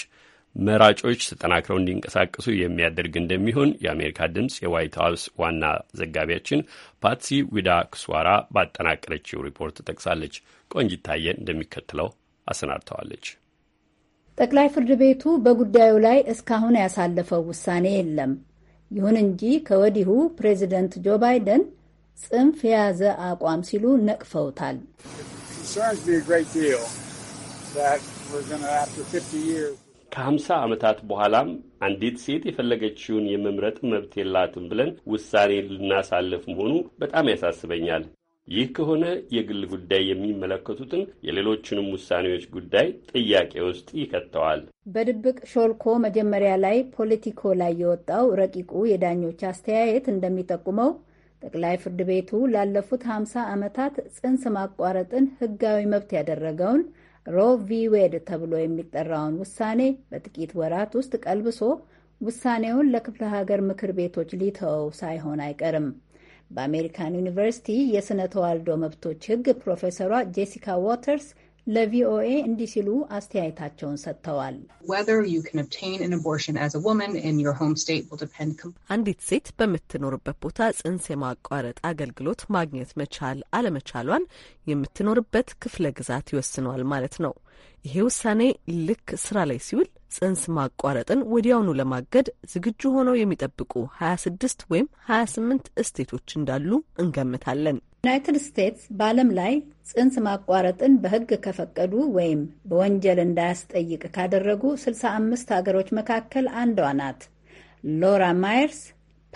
Speaker 1: መራጮች ተጠናክረው እንዲንቀሳቀሱ የሚያደርግ እንደሚሆን የአሜሪካ ድምፅ የዋይት ሀውስ ዋና ዘጋቢያችን ፓትሲ ዊዳ ክስዋራ ባጠናቀረችው ሪፖርት ጠቅሳለች። ቆንጅታየ እንደሚከተለው አሰናድተዋለች።
Speaker 4: ጠቅላይ ፍርድ ቤቱ በጉዳዩ ላይ እስካሁን ያሳለፈው ውሳኔ የለም። ይሁን እንጂ ከወዲሁ ፕሬዚደንት ጆ ባይደን ጽንፍ የያዘ አቋም ሲሉ ነቅፈውታል።
Speaker 1: ከሀምሳ ዓመታት በኋላም አንዲት ሴት የፈለገችውን የመምረጥ መብት የላትም ብለን ውሳኔ ልናሳልፍ መሆኑ በጣም ያሳስበኛል። ይህ ከሆነ የግል ጉዳይ የሚመለከቱትን የሌሎችንም ውሳኔዎች ጉዳይ ጥያቄ ውስጥ ይከተዋል።
Speaker 4: በድብቅ ሾልኮ መጀመሪያ ላይ ፖለቲኮ ላይ የወጣው ረቂቁ የዳኞች አስተያየት እንደሚጠቁመው ጠቅላይ ፍርድ ቤቱ ላለፉት 50 ዓመታት ጽንስ ማቋረጥን ሕጋዊ መብት ያደረገውን ሮ ቪ ዌድ ተብሎ የሚጠራውን ውሳኔ በጥቂት ወራት ውስጥ ቀልብሶ ውሳኔውን ለክፍለ ሀገር ምክር ቤቶች ሊተወው ሳይሆን አይቀርም። በአሜሪካን ዩኒቨርሲቲ የስነ ተዋልዶ መብቶች ህግ ፕሮፌሰሯ ጄሲካ ዎተርስ ለቪኦኤ እንዲህ ሲሉ
Speaker 10: አስተያየታቸውን ሰጥተዋል። አንዲት ሴት በምትኖርበት ቦታ ጽንስ የማቋረጥ አገልግሎት ማግኘት መቻል አለመቻሏን የምትኖርበት ክፍለ ግዛት ይወስኗል ማለት ነው። ይሄ ውሳኔ ልክ ስራ ላይ ሲውል ጽንስ ማቋረጥን ወዲያውኑ ለማገድ ዝግጁ ሆነው የሚጠብቁ 26 ወይም 28 እስቴቶች እንዳሉ እንገምታለን።
Speaker 4: ዩናይትድ ስቴትስ በዓለም ላይ ጽንስ ማቋረጥን በሕግ ከፈቀዱ ወይም በወንጀል እንዳያስጠይቅ ካደረጉ 65 ሀገሮች መካከል አንዷ ናት። ሎራ ማየርስ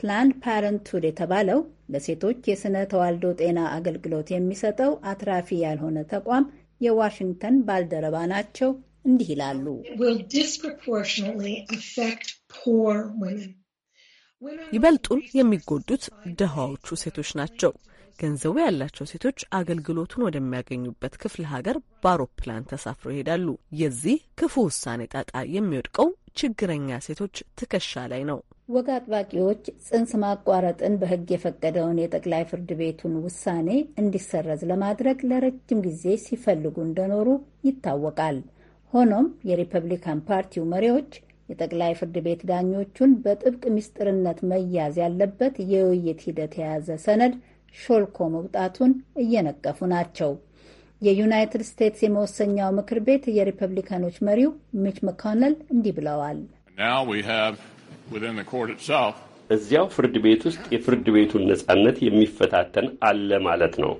Speaker 4: ፕላንድ ፓረንትሁድ የተባለው ለሴቶች የሥነ ተዋልዶ ጤና አገልግሎት የሚሰጠው አትራፊ ያልሆነ ተቋም የዋሽንግተን ባልደረባ ናቸው። እንዲህ
Speaker 10: ይላሉ። ይበልጡን የሚጎዱት ድሃዎቹ ሴቶች ናቸው። ገንዘቡ ያላቸው ሴቶች አገልግሎቱን ወደሚያገኙበት ክፍለ ሀገር በአውሮፕላን ተሳፍረው ይሄዳሉ። የዚህ ክፉ ውሳኔ ጣጣ የሚወድቀው ችግረኛ ሴቶች ትከሻ ላይ ነው።
Speaker 4: ወግ አጥባቂዎች ጽንስ ማቋረጥን በሕግ የፈቀደውን የጠቅላይ ፍርድ ቤቱን ውሳኔ እንዲሰረዝ ለማድረግ ለረጅም ጊዜ ሲፈልጉ እንደኖሩ ይታወቃል። ሆኖም የሪፐብሊካን ፓርቲው መሪዎች የጠቅላይ ፍርድ ቤት ዳኞቹን በጥብቅ ምስጢርነት መያዝ ያለበት የውይይት ሂደት የያዘ ሰነድ ሾልኮ መውጣቱን እየነቀፉ ናቸው። የዩናይትድ ስቴትስ የመወሰኛው ምክር ቤት የሪፐብሊካኖች መሪው ሚች መኮነል እንዲህ ብለዋል።
Speaker 1: እዚያው ፍርድ ቤት ውስጥ የፍርድ ቤቱን ነጻነት የሚፈታተን አለ ማለት ነው።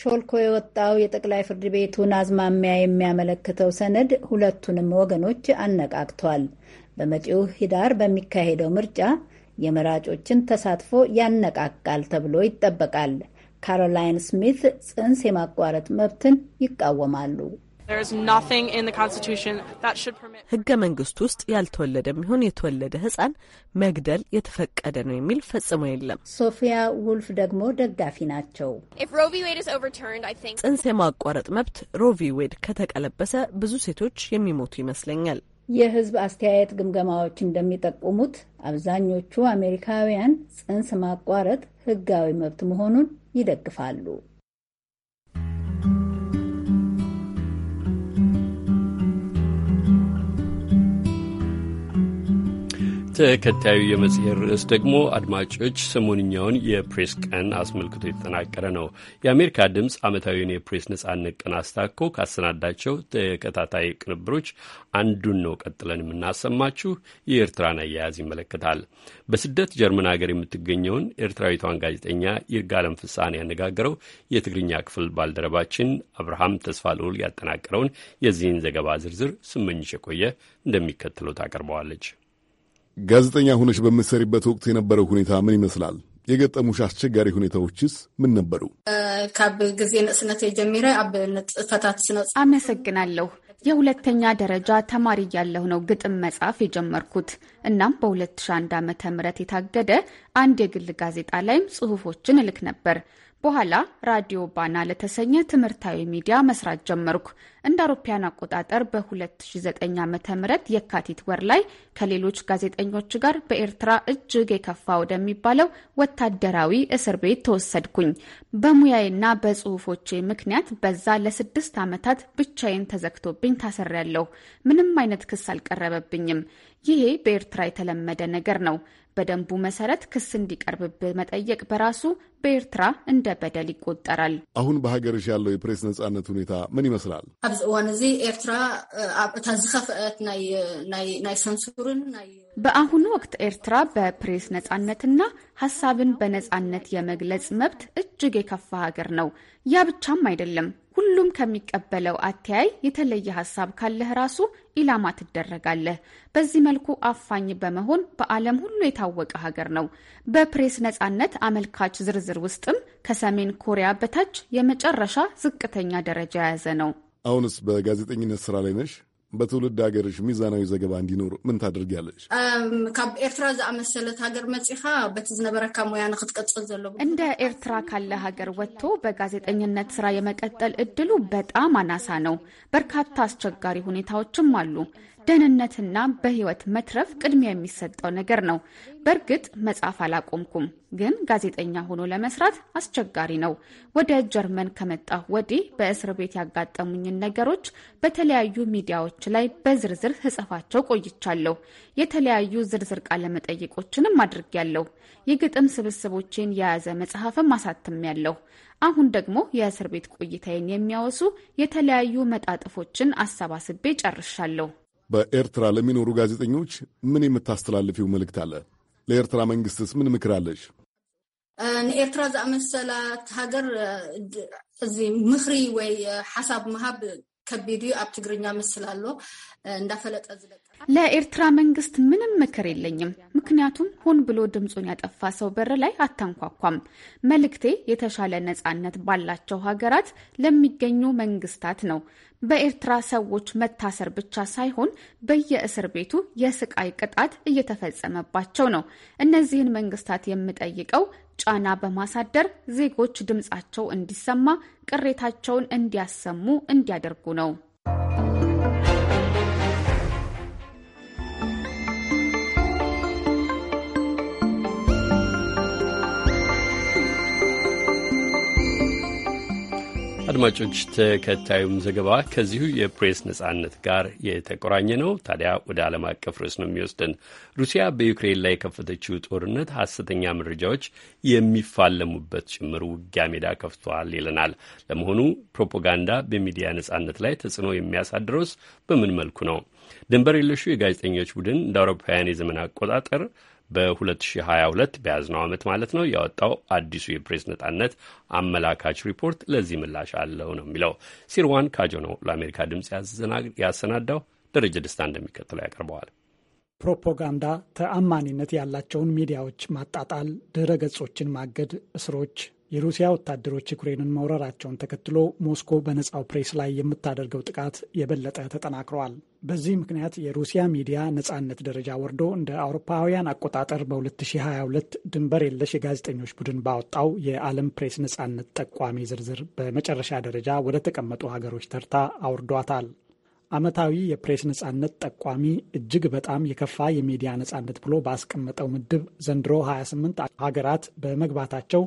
Speaker 4: ሾልኮ የወጣው የጠቅላይ ፍርድ ቤቱን አዝማሚያ የሚያመለክተው ሰነድ ሁለቱንም ወገኖች አነቃቅቷል። በመጪው ሂዳር በሚካሄደው ምርጫ የመራጮችን ተሳትፎ ያነቃቃል ተብሎ ይጠበቃል። ካሮላይን
Speaker 10: ስሚት ጽንስ የማቋረጥ መብትን ይቃወማሉ። ሕገ መንግስት ውስጥ ያልተወለደም የሚሆን የተወለደ ህጻን መግደል የተፈቀደ ነው የሚል ፈጽሞ የለም። ሶፊያ ውልፍ ደግሞ ደጋፊ ናቸው። ጽንስ የማቋረጥ መብት ሮቪ ዌድ ከተቀለበሰ ብዙ ሴቶች የሚሞቱ ይመስለኛል።
Speaker 4: የህዝብ አስተያየት ግምገማዎች እንደሚጠቁሙት አብዛኞቹ አሜሪካውያን ጽንስ ማቋረጥ ህጋዊ መብት መሆኑን ይደግፋሉ።
Speaker 1: ተከታዩ የመጽሔር ርዕስ ደግሞ አድማጮች ሰሞንኛውን የፕሬስ ቀን አስመልክቶ የተጠናቀረ ነው። የአሜሪካ ድምፅ ዓመታዊውን የፕሬስ ነጻነት ቀን አስታኮ ካሰናዳቸው ተከታታይ ቅንብሮች አንዱን ነው ቀጥለን የምናሰማችሁ። የኤርትራን አያያዝ ይመለከታል። በስደት ጀርመን ሀገር የምትገኘውን ኤርትራዊቷን ጋዜጠኛ ይርጋለም ፍስሐን ያነጋገረው የትግርኛ ክፍል ባልደረባችን አብርሃም ተስፋ ልዑል ያጠናቀረውን የዚህን ዘገባ
Speaker 11: ዝርዝር ስመኝሽ የቆየ እንደሚከተለው ታቀርበዋለች። ጋዜጠኛ ሆነሽ በምትሰሪበት ወቅት የነበረው ሁኔታ ምን ይመስላል? የገጠሙሽ አስቸጋሪ ሁኔታዎችስ ምን ነበሩ?
Speaker 8: ካብ ጊዜ ንእስነት ጀሚረ ኣብ ንጥፈታት ስነፅ አመሰግናለሁ። የሁለተኛ ደረጃ ተማሪ እያለሁ ነው ግጥም መጻፍ የጀመርኩት። እናም በ2001 ዓ ም የታገደ አንድ የግል ጋዜጣ ላይም ጽሁፎችን እልክ ነበር። በኋላ ራዲዮ ባና ለተሰኘ ትምህርታዊ ሚዲያ መስራት ጀመርኩ። እንደ አውሮፓያን አቆጣጠር በ2009 ዓ ም የካቲት ወር ላይ ከሌሎች ጋዜጠኞች ጋር በኤርትራ እጅግ የከፋ ወደሚባለው ወታደራዊ እስር ቤት ተወሰድኩኝ። በሙያዬና በጽሁፎቼ ምክንያት በዛ ለስድስት ዓመታት ብቻዬን ተዘግቶብኝ ታሰሪያለሁ። ምንም አይነት ክስ አልቀረበብኝም። ይሄ በኤርትራ የተለመደ ነገር ነው። በደንቡ መሰረት ክስ እንዲቀርብብህ መጠየቅ በራሱ በኤርትራ እንደ በደል ይቆጠራል።
Speaker 11: አሁን በሀገርሽ ያለው የፕሬስ ነፃነት ሁኔታ ምን ይመስላል?
Speaker 8: ኣብዚ እዋን እዚ ኤርትራ እታ ዝኸፍአት ናይ ሰንሱርን በአሁኑ ወቅት ኤርትራ በፕሬስ ነፃነትና ሀሳብን በነፃነት የመግለጽ መብት እጅግ የከፋ ሀገር ነው። ያ ብቻም አይደለም ሁሉም ከሚቀበለው አተያይ የተለየ ሀሳብ ካለህ ራሱ ኢላማ ትደረጋለህ። በዚህ መልኩ አፋኝ በመሆን በዓለም ሁሉ የታወቀ ሀገር ነው። በፕሬስ ነጻነት አመልካች ዝርዝር ውስጥም ከሰሜን ኮሪያ በታች የመጨረሻ ዝቅተኛ ደረጃ የያዘ ነው።
Speaker 11: አሁንስ በጋዜጠኝነት ስራ ላይ ነሽ? በትውልድ ሀገርሽ ሚዛናዊ ዘገባ እንዲኖር ምን ታደርጊያለሽ?
Speaker 8: ካብ ኤርትራ ዝኣመሰለት ሀገር መፂኻ በቲ ዝነበረካ ሞያ ንክትቀፅል ዘሎ እንደ ኤርትራ ካለ ሀገር ወጥቶ በጋዜጠኝነት ስራ የመቀጠል እድሉ በጣም አናሳ ነው። በርካታ አስቸጋሪ ሁኔታዎችም አሉ። ደህንነትና በህይወት መትረፍ ቅድሚያ የሚሰጠው ነገር ነው። በእርግጥ መጻፍ አላቆምኩም፣ ግን ጋዜጠኛ ሆኖ ለመስራት አስቸጋሪ ነው። ወደ ጀርመን ከመጣሁ ወዲህ በእስር ቤት ያጋጠሙኝን ነገሮች በተለያዩ ሚዲያዎች ላይ በዝርዝር ህጽፋቸው ቆይቻለሁ። የተለያዩ ዝርዝር ቃለመጠይቆችንም አድርጌያለሁ። የግጥም ስብስቦቼን የያዘ መጽሐፍም አሳትሜያለሁ። አሁን ደግሞ የእስር ቤት ቆይታዬን የሚያወሱ የተለያዩ መጣጥፎችን አሰባስቤ
Speaker 11: ጨርሻለሁ። በኤርትራ ለሚኖሩ ጋዜጠኞች ምን የምታስተላልፊው መልእክት አለ? ለኤርትራ መንግስትስ ምን ምክር አለሽ?
Speaker 4: ንኤርትራ ዝኣመሰላት ሃገር
Speaker 8: እዚ ምኽሪ ወይ ሓሳብ ምሃብ ከቢዲ ኣብ ትግርኛ ምስል ኣሎ
Speaker 4: እንዳፈለጠ ዝለቀ
Speaker 8: ለኤርትራ መንግስት ምንም ምክር የለኝም። ምክንያቱም ሆን ብሎ ድምፁን ያጠፋ ሰው በር ላይ አታንኳኳም። መልእክቴ የተሻለ ነፃነት ባላቸው ሀገራት ለሚገኙ መንግስታት ነው። በኤርትራ ሰዎች መታሰር ብቻ ሳይሆን በየእስር ቤቱ የስቃይ ቅጣት እየተፈጸመባቸው ነው። እነዚህን መንግስታት የምጠይቀው ጫና በማሳደር ዜጎች ድምፃቸው እንዲሰማ፣ ቅሬታቸውን እንዲያሰሙ እንዲያደርጉ ነው።
Speaker 1: አድማጮች፣ ተከታዩም ዘገባ ከዚሁ የፕሬስ ነጻነት ጋር የተቆራኘ ነው። ታዲያ ወደ ዓለም አቀፍ ርዕስ ነው የሚወስደን። ሩሲያ በዩክሬን ላይ የከፈተችው ጦርነት ሐሰተኛ መረጃዎች የሚፋለሙበት ጭምር ውጊያ ሜዳ ከፍቷል ይለናል። ለመሆኑ ፕሮፓጋንዳ በሚዲያ ነጻነት ላይ ተጽዕኖ የሚያሳድረውስ በምን መልኩ ነው? ድንበር የለሹ የጋዜጠኞች ቡድን እንደ አውሮፓውያን የዘመን አቆጣጠር በ2022 በያዝነው ዓመት ማለት ነው ያወጣው አዲሱ የፕሬስ ነጻነት አመላካች ሪፖርት ለዚህ ምላሽ አለው ነው የሚለው። ሲርዋን ካጆ ነው ለአሜሪካ ድምፅ ያሰናዳው። ደረጀ ደስታ እንደሚከተለው ያቀርበዋል።
Speaker 3: ፕሮፓጋንዳ፣ ተአማኒነት ያላቸውን ሚዲያዎች ማጣጣል፣ ድረ ገጾችን ማገድ፣ እስሮች፣ የሩሲያ ወታደሮች ዩክሬንን መውረራቸውን ተከትሎ ሞስኮ በነፃው ፕሬስ ላይ የምታደርገው ጥቃት የበለጠ ተጠናክረዋል። በዚህ ምክንያት የሩሲያ ሚዲያ ነፃነት ደረጃ ወርዶ እንደ አውሮፓውያን አቆጣጠር በ2022 ድንበር የለሽ የጋዜጠኞች ቡድን ባወጣው የዓለም ፕሬስ ነፃነት ጠቋሚ ዝርዝር በመጨረሻ ደረጃ ወደ ተቀመጡ ሀገሮች ተርታ አውርዷታል። ዓመታዊ የፕሬስ ነፃነት ጠቋሚ እጅግ በጣም የከፋ የሚዲያ ነፃነት ብሎ ባስቀመጠው ምድብ ዘንድሮ 28 ሀገራት በመግባታቸው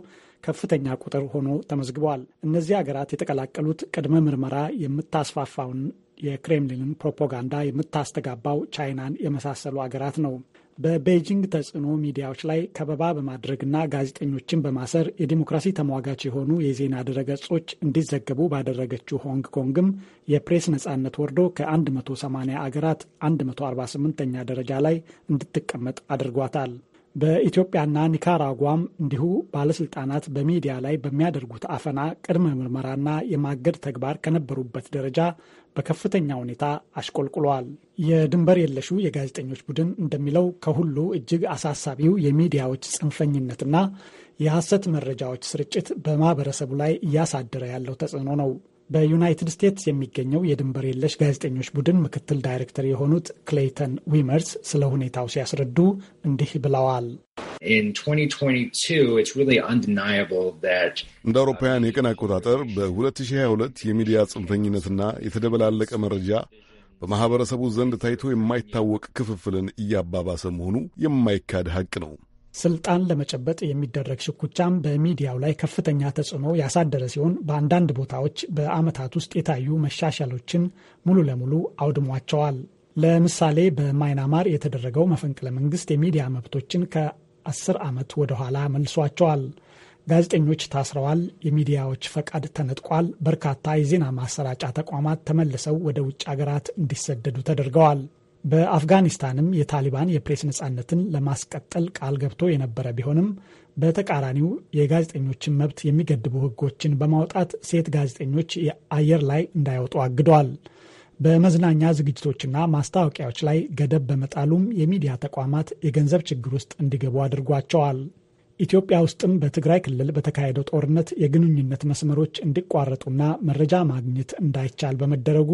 Speaker 3: ከፍተኛ ቁጥር ሆኖ ተመዝግበዋል። እነዚህ ሀገራት የተቀላቀሉት ቅድመ ምርመራ የምታስፋፋውን የክሬምሊንን ፕሮፓጋንዳ የምታስተጋባው ቻይናን የመሳሰሉ ሀገራት ነው። በቤይጂንግ ተጽዕኖ ሚዲያዎች ላይ ከበባ በማድረግና ጋዜጠኞችን በማሰር የዲሞክራሲ ተሟጋች የሆኑ የዜና ድረገጾች እንዲዘገቡ ባደረገችው ሆንግ ኮንግም የፕሬስ ነጻነት ወርዶ ከ180 አገራት 148ኛ ደረጃ ላይ እንድትቀመጥ አድርጓታል። በኢትዮጵያና ኒካራጓም እንዲሁ ባለስልጣናት በሚዲያ ላይ በሚያደርጉት አፈና፣ ቅድመ ምርመራና የማገድ ተግባር ከነበሩበት ደረጃ በከፍተኛ ሁኔታ አሽቆልቁለዋል። የድንበር የለሹ የጋዜጠኞች ቡድን እንደሚለው ከሁሉ እጅግ አሳሳቢው የሚዲያዎች ጽንፈኝነትና የሐሰት መረጃዎች ስርጭት በማህበረሰቡ ላይ እያሳደረ ያለው ተጽዕኖ ነው። በዩናይትድ ስቴትስ የሚገኘው የድንበር የለሽ ጋዜጠኞች ቡድን ምክትል ዳይሬክተር የሆኑት ክሌይተን ዊመርስ ስለ ሁኔታው ሲያስረዱ እንዲህ ብለዋል።
Speaker 11: እንደ አውሮፓውያን የቀን አቆጣጠር በ2022 የሚዲያ ጽንፈኝነትና የተደበላለቀ መረጃ በማኅበረሰቡ ዘንድ ታይቶ የማይታወቅ ክፍፍልን እያባባሰ መሆኑ የማይካድ ሐቅ ነው።
Speaker 3: ስልጣን ለመጨበጥ የሚደረግ ሽኩቻም በሚዲያው ላይ ከፍተኛ ተጽዕኖ ያሳደረ ሲሆን በአንዳንድ ቦታዎች በዓመታት ውስጥ የታዩ መሻሻሎችን ሙሉ ለሙሉ አውድሟቸዋል። ለምሳሌ በማይናማር የተደረገው መፈንቅለ መንግስት የሚዲያ መብቶችን ከአስር ዓመት ኋላ መልሷቸዋል። ጋዜጠኞች ታስረዋል። የሚዲያዎች ፈቃድ ተነጥቋል። በርካታ የዜና ማሰራጫ ተቋማት ተመልሰው ወደ ውጭ ሀገራት እንዲሰደዱ ተደርገዋል። በአፍጋኒስታንም የታሊባን የፕሬስ ነጻነትን ለማስቀጠል ቃል ገብቶ የነበረ ቢሆንም በተቃራኒው የጋዜጠኞችን መብት የሚገድቡ ሕጎችን በማውጣት ሴት ጋዜጠኞች አየር ላይ እንዳይወጡ አግደዋል። በመዝናኛ ዝግጅቶችና ማስታወቂያዎች ላይ ገደብ በመጣሉም የሚዲያ ተቋማት የገንዘብ ችግር ውስጥ እንዲገቡ አድርጓቸዋል። ኢትዮጵያ ውስጥም በትግራይ ክልል በተካሄደው ጦርነት የግንኙነት መስመሮች እንዲቋረጡና መረጃ ማግኘት እንዳይቻል በመደረጉ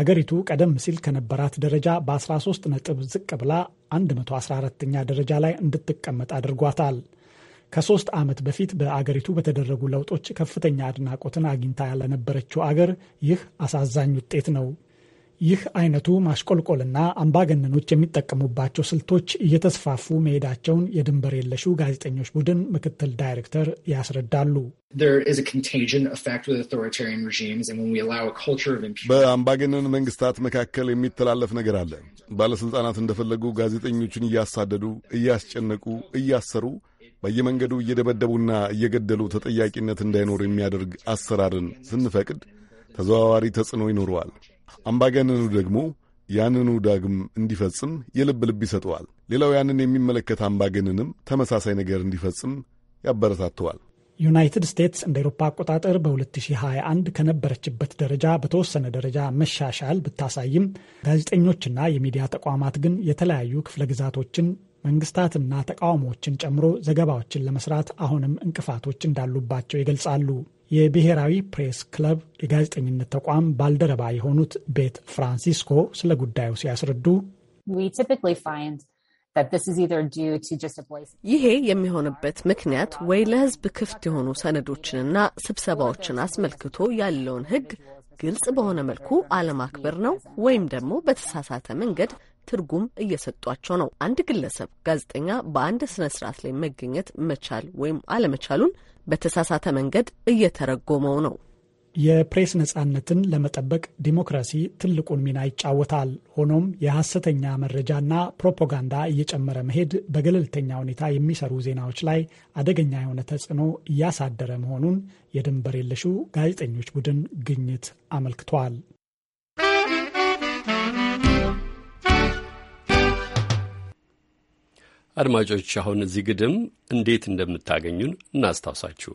Speaker 3: አገሪቱ ቀደም ሲል ከነበራት ደረጃ በ13 ነጥብ ዝቅ ብላ 114ኛ ደረጃ ላይ እንድትቀመጥ አድርጓታል። ከሶስት ዓመት በፊት በአገሪቱ በተደረጉ ለውጦች ከፍተኛ አድናቆትን አግኝታ ያለነበረችው አገር ይህ አሳዛኝ ውጤት ነው። ይህ አይነቱ ማሽቆልቆልና አምባገነኖች የሚጠቀሙባቸው ስልቶች እየተስፋፉ መሄዳቸውን የድንበር የለሹ ጋዜጠኞች ቡድን ምክትል ዳይሬክተር ያስረዳሉ።
Speaker 11: በአምባገነን መንግስታት መካከል የሚተላለፍ ነገር አለ። ባለስልጣናት እንደፈለጉ ጋዜጠኞችን እያሳደዱ፣ እያስጨነቁ፣ እያሰሩ በየመንገዱ እየደበደቡና እየገደሉ ተጠያቂነት እንዳይኖር የሚያደርግ አሰራርን ስንፈቅድ ተዘዋዋሪ ተጽዕኖ ይኖረዋል። አምባገነኑ ደግሞ ያንኑ ዳግም እንዲፈጽም የልብ ልብ ይሰጠዋል። ሌላው ያንን የሚመለከት አምባገነንም ተመሳሳይ ነገር እንዲፈጽም ያበረታተዋል።
Speaker 3: ዩናይትድ ስቴትስ እንደ ኤሮፓ አቆጣጠር በ2021 ከነበረችበት ደረጃ በተወሰነ ደረጃ መሻሻል ብታሳይም ጋዜጠኞችና የሚዲያ ተቋማት ግን የተለያዩ ክፍለ ግዛቶችን መንግስታትና ተቃውሞዎችን ጨምሮ ዘገባዎችን ለመስራት አሁንም እንቅፋቶች እንዳሉባቸው ይገልጻሉ። የብሔራዊ ፕሬስ ክለብ የጋዜጠኝነት ተቋም ባልደረባ የሆኑት ቤት ፍራንሲስኮ ስለ
Speaker 10: ጉዳዩ ሲያስረዱ ይሄ የሚሆንበት ምክንያት ወይ ለሕዝብ ክፍት የሆኑ ሰነዶችንና ስብሰባዎችን አስመልክቶ ያለውን ሕግ ግልጽ በሆነ መልኩ አለማክበር ነው ወይም ደግሞ በተሳሳተ መንገድ ትርጉም እየሰጧቸው ነው። አንድ ግለሰብ ጋዜጠኛ በአንድ ስነ ስርዓት ላይ መገኘት መቻል ወይም አለመቻሉን በተሳሳተ መንገድ እየተረጎመው ነው።
Speaker 3: የፕሬስ ነጻነትን ለመጠበቅ ዲሞክራሲ ትልቁን ሚና ይጫወታል። ሆኖም የሐሰተኛ መረጃና ፕሮፓጋንዳ እየጨመረ መሄድ በገለልተኛ ሁኔታ የሚሰሩ ዜናዎች ላይ አደገኛ የሆነ ተጽዕኖ እያሳደረ መሆኑን የድንበር የለሹ ጋዜጠኞች ቡድን ግኝት አመልክቷል።
Speaker 1: አድማጮች አሁን እዚህ ግድም እንዴት እንደምታገኙን እናስታውሳችሁ።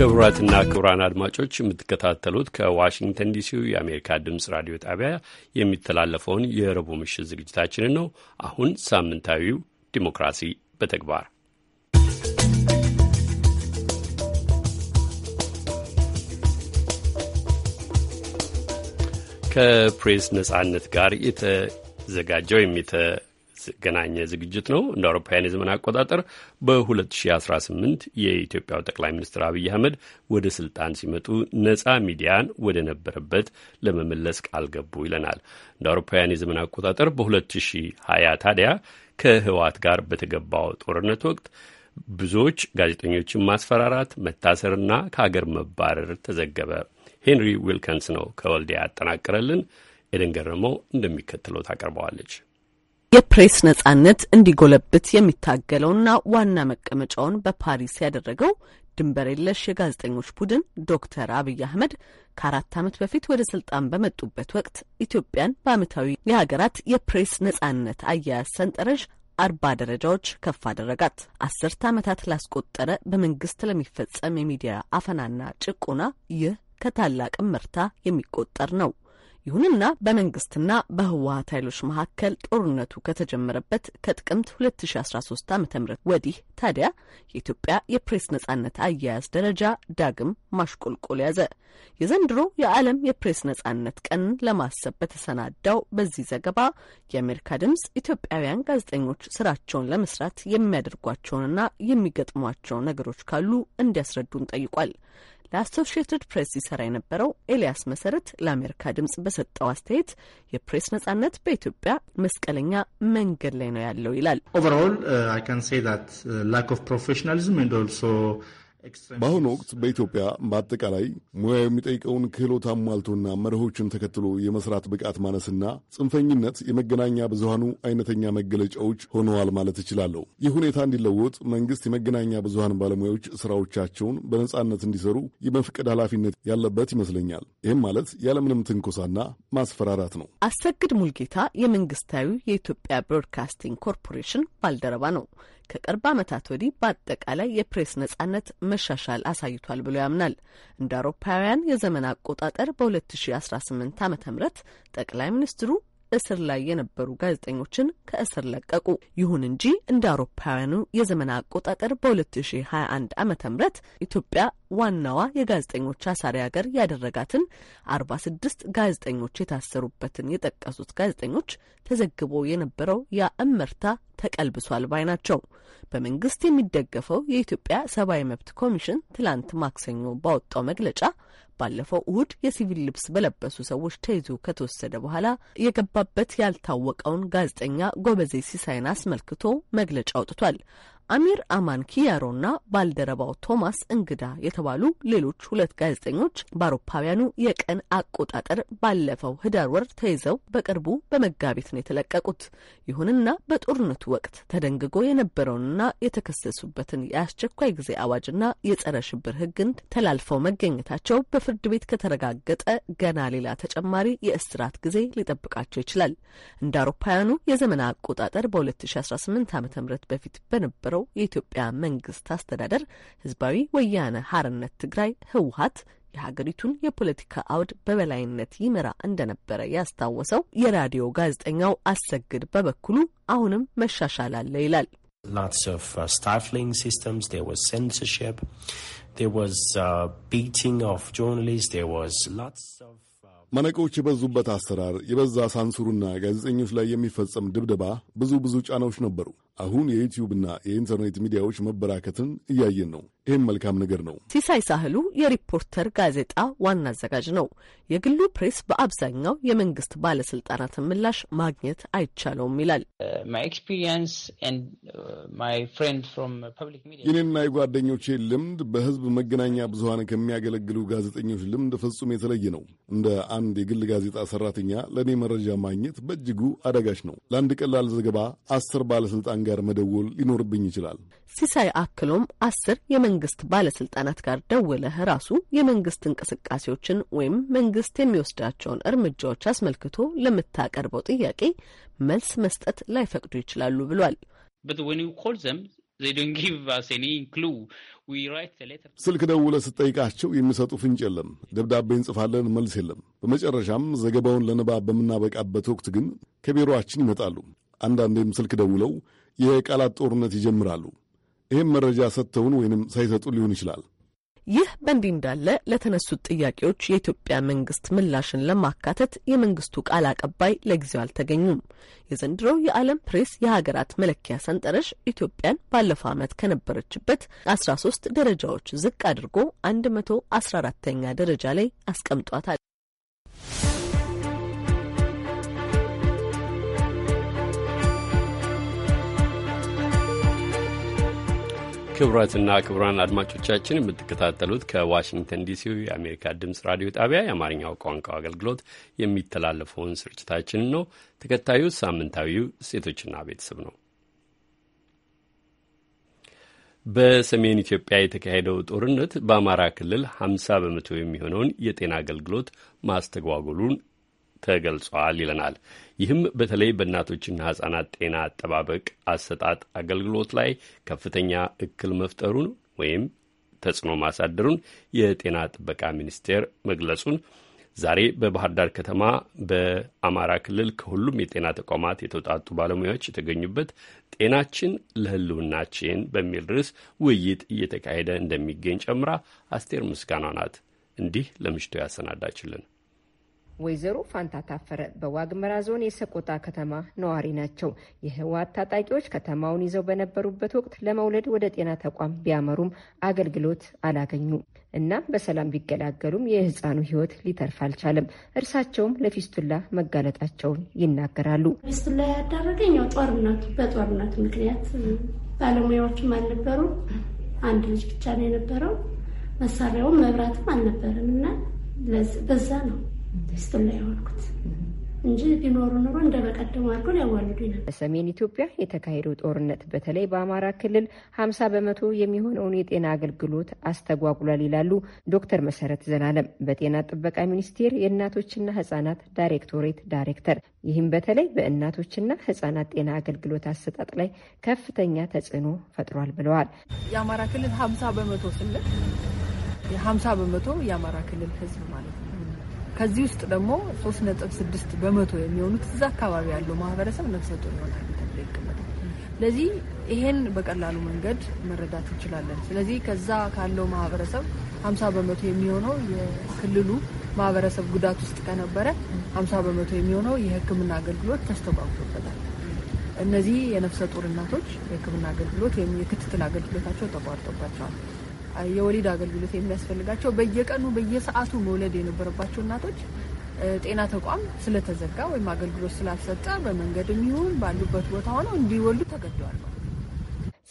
Speaker 11: ክቡራትና
Speaker 1: ክቡራን አድማጮች የምትከታተሉት ከዋሽንግተን ዲሲው የአሜሪካ ድምፅ ራዲዮ ጣቢያ የሚተላለፈውን የረቡዕ ምሽት ዝግጅታችንን ነው። አሁን ሳምንታዊው ዲሞክራሲ በተግባር ከፕሬስ ነጻነት ጋር የተዘጋጀው የሚተ የተገናኘ ዝግጅት ነው። እንደ አውሮፓውያን የዘመን አቆጣጠር በ2018 የኢትዮጵያው ጠቅላይ ሚኒስትር አብይ አህመድ ወደ ስልጣን ሲመጡ ነፃ ሚዲያን ወደ ነበረበት ለመመለስ ቃል ገቡ ይለናል። እንደ አውሮፓውያን የዘመን አቆጣጠር በ2020 ታዲያ ከህወሓት ጋር በተገባው ጦርነት ወቅት ብዙዎች ጋዜጠኞችን ማስፈራራት፣ መታሰርና ከሀገር መባረር ተዘገበ። ሄንሪ ዊልከንስ ነው ከወልዲያ ያጠናቀረልን። ኤደን ገረመው እንደሚከተለው ታቀርበዋለች።
Speaker 10: የፕሬስ ነጻነት እንዲጎለብት የሚታገለውና ዋና መቀመጫውን በፓሪስ ያደረገው ድንበር የለሽ የጋዜጠኞች ቡድን ዶክተር አብይ አህመድ ከአራት ዓመት በፊት ወደ ስልጣን በመጡበት ወቅት ኢትዮጵያን በዓመታዊ የሀገራት የፕሬስ ነጻነት አያያዝ ሰንጠረዥ አርባ ደረጃዎች ከፍ አደረጋት። አስርተ ዓመታት ላስቆጠረ በመንግስት ለሚፈጸም የሚዲያ አፈናና ጭቆና ይህ ከታላቅ ምርታ የሚቆጠር ነው። ይሁንና በመንግስትና በህወሀት ኃይሎች መካከል ጦርነቱ ከተጀመረበት ከጥቅምት 2013 ዓ ም ወዲህ ታዲያ የኢትዮጵያ የፕሬስ ነጻነት አያያዝ ደረጃ ዳግም ማሽቆልቆል ያዘ። የዘንድሮ የዓለም የፕሬስ ነጻነት ቀን ለማሰብ በተሰናዳው በዚህ ዘገባ የአሜሪካ ድምጽ ኢትዮጵያውያን ጋዜጠኞች ስራቸውን ለመስራት የሚያደርጓቸውንና የሚገጥሟቸውን ነገሮች ካሉ እንዲያስረዱን ጠይቋል። ለአሶሽትድ ፕሬስ ሲሰራ የነበረው ኤልያስ መሰረት ለአሜሪካ ድምጽ በሰጠው አስተያየት የፕሬስ ነጻነት በኢትዮጵያ መስቀለኛ መንገድ ላይ ነው ያለው ይላል። ኦቨርኦል
Speaker 6: አይ ካን ሴይ
Speaker 11: ዛት ላክ ኦፍ ፕሮፌሽናሊዝም ኤንድ ኦልሶ በአሁኑ ወቅት በኢትዮጵያ በአጠቃላይ ሙያ የሚጠይቀውን ክህሎት አሟልቶና መርሆችን ተከትሎ የመስራት ብቃት ማነስና ጽንፈኝነት የመገናኛ ብዙሃኑ አይነተኛ መገለጫዎች ሆነዋል ማለት እችላለሁ። ይህ ሁኔታ እንዲለወጥ መንግስት የመገናኛ ብዙሃን ባለሙያዎች ስራዎቻቸውን በነጻነት እንዲሰሩ የመፍቀድ ኃላፊነት ያለበት ይመስለኛል። ይህም ማለት ያለምንም ትንኮሳና ማስፈራራት ነው።
Speaker 10: አሰግድ ሙልጌታ የመንግስታዊ የኢትዮጵያ ብሮድካስቲንግ ኮርፖሬሽን ባልደረባ ነው። ከቅርብ ዓመታት ወዲህ በአጠቃላይ የፕሬስ ነጻነት መሻሻል አሳይቷል ብሎ ያምናል። እንደ አውሮፓውያን የዘመን አቆጣጠር በ2018 ዓ ም ጠቅላይ ሚኒስትሩ እስር ላይ የነበሩ ጋዜጠኞችን ከእስር ለቀቁ። ይሁን እንጂ እንደ አውሮፓውያኑ የዘመን አቆጣጠር በ2021 ዓ ም ኢትዮጵያ ዋናዋ የጋዜጠኞች አሳሪ ሀገር ያደረጋትን አርባ ስድስት ጋዜጠኞች የታሰሩበትን የጠቀሱት ጋዜጠኞች ተዘግቦ የነበረው የእመርታ ተቀልብሷል ባይ ናቸው። በመንግስት የሚደገፈው የኢትዮጵያ ሰብአዊ መብት ኮሚሽን ትላንት ማክሰኞ ባወጣው መግለጫ ባለፈው እሁድ የሲቪል ልብስ በለበሱ ሰዎች ተይዞ ከተወሰደ በኋላ የገባበት ያልታወቀውን ጋዜጠኛ ጎበዜ ሲሳይን አስመልክቶ መግለጫ አውጥቷል። አሚር አማን ኪያሮና ባልደረባው ቶማስ እንግዳ የተባሉ ሌሎች ሁለት ጋዜጠኞች በአውሮፓውያኑ የቀን አቆጣጠር ባለፈው ህዳር ወር ተይዘው በቅርቡ በመጋቢት ነው የተለቀቁት። ይሁንና በጦርነቱ ወቅት ተደንግጎ የነበረውንና የተከሰሱበትን የአስቸኳይ ጊዜ አዋጅና የጸረ ሽብር ህግን ተላልፈው መገኘታቸው በፍርድ ቤት ከተረጋገጠ ገና ሌላ ተጨማሪ የእስራት ጊዜ ሊጠብቃቸው ይችላል። እንደ አውሮፓውያኑ የዘመን አቆጣጠር በ2018 ዓ ም በፊት በነበረው የነበረው የኢትዮጵያ መንግስት አስተዳደር ህዝባዊ ወያነ ሀርነት ትግራይ ህወሀት የሀገሪቱን የፖለቲካ አውድ በበላይነት ይመራ እንደነበረ ያስታወሰው የራዲዮ ጋዜጠኛው አሰግድ በበኩሉ አሁንም መሻሻል አለ ይላል።
Speaker 7: lots of uh, stifling systems. There was censorship. There was uh, beating of journalists. There was lots of
Speaker 11: ማነቆዎች uh, የበዙበት አሰራር፣ የበዛ ሳንሱሩና ጋዜጠኞች ላይ የሚፈጸም ድብደባ ብዙ ብዙ ጫናዎች ነበሩ። አሁን የዩቲዩብና የኢንተርኔት ሚዲያዎች መበራከትን እያየን ነው። ይህም መልካም ነገር ነው።
Speaker 10: ሲሳይ ሳህሉ የሪፖርተር ጋዜጣ ዋና አዘጋጅ ነው። የግሉ ፕሬስ በአብዛኛው የመንግስት ባለስልጣናትን ምላሽ ማግኘት አይቻለውም ይላል። uh, uh,
Speaker 11: የኔና የጓደኞቼ ልምድ በህዝብ መገናኛ ብዙሀን ከሚያገለግሉ ጋዜጠኞች ልምድ ፍጹም የተለየ ነው። እንደ አንድ የግል ጋዜጣ ሰራተኛ ለእኔ መረጃ ማግኘት በእጅጉ አዳጋች ነው። ለአንድ ቀላል ዘገባ አስር ባለስልጣን ጋር መደወል ሊኖርብኝ ይችላል።
Speaker 10: ሲሳይ አክሎም አስር የመንግስት ከመንግስት ባለስልጣናት ጋር ደውለህ ራሱ የመንግስት እንቅስቃሴዎችን ወይም መንግስት የሚወስዳቸውን እርምጃዎች አስመልክቶ ለምታቀርበው ጥያቄ መልስ መስጠት ላይፈቅዱ ይችላሉ ብሏል።
Speaker 11: ስልክ ደውለ ስጠይቃቸው የሚሰጡ ፍንጭ የለም። ደብዳቤ እንጽፋለን፣ መልስ የለም። በመጨረሻም ዘገባውን ለንባብ በምናበቃበት ወቅት ግን ከቢሮአችን ይመጣሉ። አንዳንዴም ስልክ ደውለው የቃላት ጦርነት ይጀምራሉ። ይህም መረጃ ሰጥተውን ወይንም ሳይሰጡ ሊሆን ይችላል።
Speaker 10: ይህ በእንዲህ እንዳለ ለተነሱት ጥያቄዎች የኢትዮጵያ መንግስት ምላሽን ለማካተት የመንግስቱ ቃል አቀባይ ለጊዜው አልተገኙም። የዘንድሮው የዓለም ፕሬስ የሀገራት መለኪያ ሰንጠረዥ ኢትዮጵያን ባለፈው ዓመት ከነበረችበት አስራ ሶስት ደረጃዎች ዝቅ አድርጎ አንድ መቶ አስራ አራተኛ ደረጃ ላይ አስቀምጧታል።
Speaker 1: ክቡራትና ክቡራን አድማጮቻችን የምትከታተሉት ከዋሽንግተን ዲሲ የአሜሪካ ድምፅ ራዲዮ ጣቢያ የአማርኛው ቋንቋ አገልግሎት የሚተላለፈውን ስርጭታችን ነው። ተከታዩ ሳምንታዊው ሴቶችና ቤተሰብ ነው። በሰሜን ኢትዮጵያ የተካሄደው ጦርነት በአማራ ክልል 50 በመቶ የሚሆነውን የጤና አገልግሎት ማስተጓጎሉን ተገልጿል ይለናል ይህም በተለይ በእናቶችና ህጻናት ጤና አጠባበቅ አሰጣጥ አገልግሎት ላይ ከፍተኛ እክል መፍጠሩን ወይም ተጽዕኖ ማሳደሩን የጤና ጥበቃ ሚኒስቴር መግለጹን ዛሬ በባህር ዳር ከተማ በአማራ ክልል ከሁሉም የጤና ተቋማት የተውጣጡ ባለሙያዎች የተገኙበት ጤናችን ለህልውናችን በሚል ርዕስ ውይይት እየተካሄደ እንደሚገኝ ጨምራ አስቴር ምስጋና ናት እንዲህ ለምሽቶ ያሰናዳችልን።
Speaker 12: ወይዘሮ ፋንታ ታፈረ በዋግምራ ዞን የሰቆጣ ከተማ ነዋሪ ናቸው። የህወሓት ታጣቂዎች ከተማውን ይዘው በነበሩበት ወቅት ለመውለድ ወደ ጤና ተቋም ቢያመሩም አገልግሎት አላገኙም። እናም በሰላም ቢገላገሉም የህፃኑ ህይወት ሊተርፍ አልቻለም። እርሳቸውም ለፊስቱላ መጋለጣቸውን ይናገራሉ።
Speaker 4: ፊስቱላ ያዳረገኝ ያው ጦርነቱ በጦርነቱ ምክንያት ባለሙያዎችም አልነበሩ። አንድ ልጅ ብቻ ነው የነበረው። መሳሪያውም መብራትም አልነበረም እና በዛ ነው የሆንኩት እንጂ ቢኖሩ ኑሮ እንደ በቀደሙ አድርጎ ሊያዋልዱ
Speaker 12: በሰሜን ኢትዮጵያ የተካሄደው ጦርነት በተለይ በአማራ ክልል ሀምሳ በመቶ የሚሆነውን የጤና አገልግሎት አስተጓጉሏል ይላሉ ዶክተር መሰረት ዘላለም በጤና ጥበቃ ሚኒስቴር የእናቶችና ህጻናት ዳይሬክቶሬት ዳይሬክተር። ይህም በተለይ በእናቶችና ህጻናት ጤና አገልግሎት አሰጣጥ ላይ ከፍተኛ ተጽዕኖ ፈጥሯል ብለዋል።
Speaker 13: የአማራ ክልል ሀምሳ በመቶ ስንል
Speaker 12: የሀምሳ በመቶ
Speaker 13: የአማራ ክልል ህዝብ ማለት ነው ከዚህ ውስጥ ደግሞ ሶስት ነጥብ ስድስት በመቶ የሚሆኑት እዛ አካባቢ ያለው ማህበረሰብ ነፍሰ ጡር ይሆናል ተብሎ ይቀመጣል። ስለዚህ ይሄን በቀላሉ መንገድ መረዳት እንችላለን። ስለዚህ ከዛ ካለው ማህበረሰብ ሀምሳ በመቶ የሚሆነው የክልሉ ማህበረሰብ ጉዳት ውስጥ ከነበረ ሀምሳ በመቶ የሚሆነው የሕክምና አገልግሎት ተስተጓጉሎበታል። እነዚህ የነፍሰ ጡር እናቶች የሕክምና አገልግሎት የክትትል አገልግሎታቸው ተቋርጦባቸዋል። የወሊድ አገልግሎት የሚያስፈልጋቸው በየቀኑ በየሰዓቱ መውለድ የነበረባቸው እናቶች ጤና ተቋም ስለተዘጋ ወይም አገልግሎት ስላልሰጠ በመንገድም ይሁን ባሉበት ቦታ ሆነው እንዲወልዱ ተገደዋል።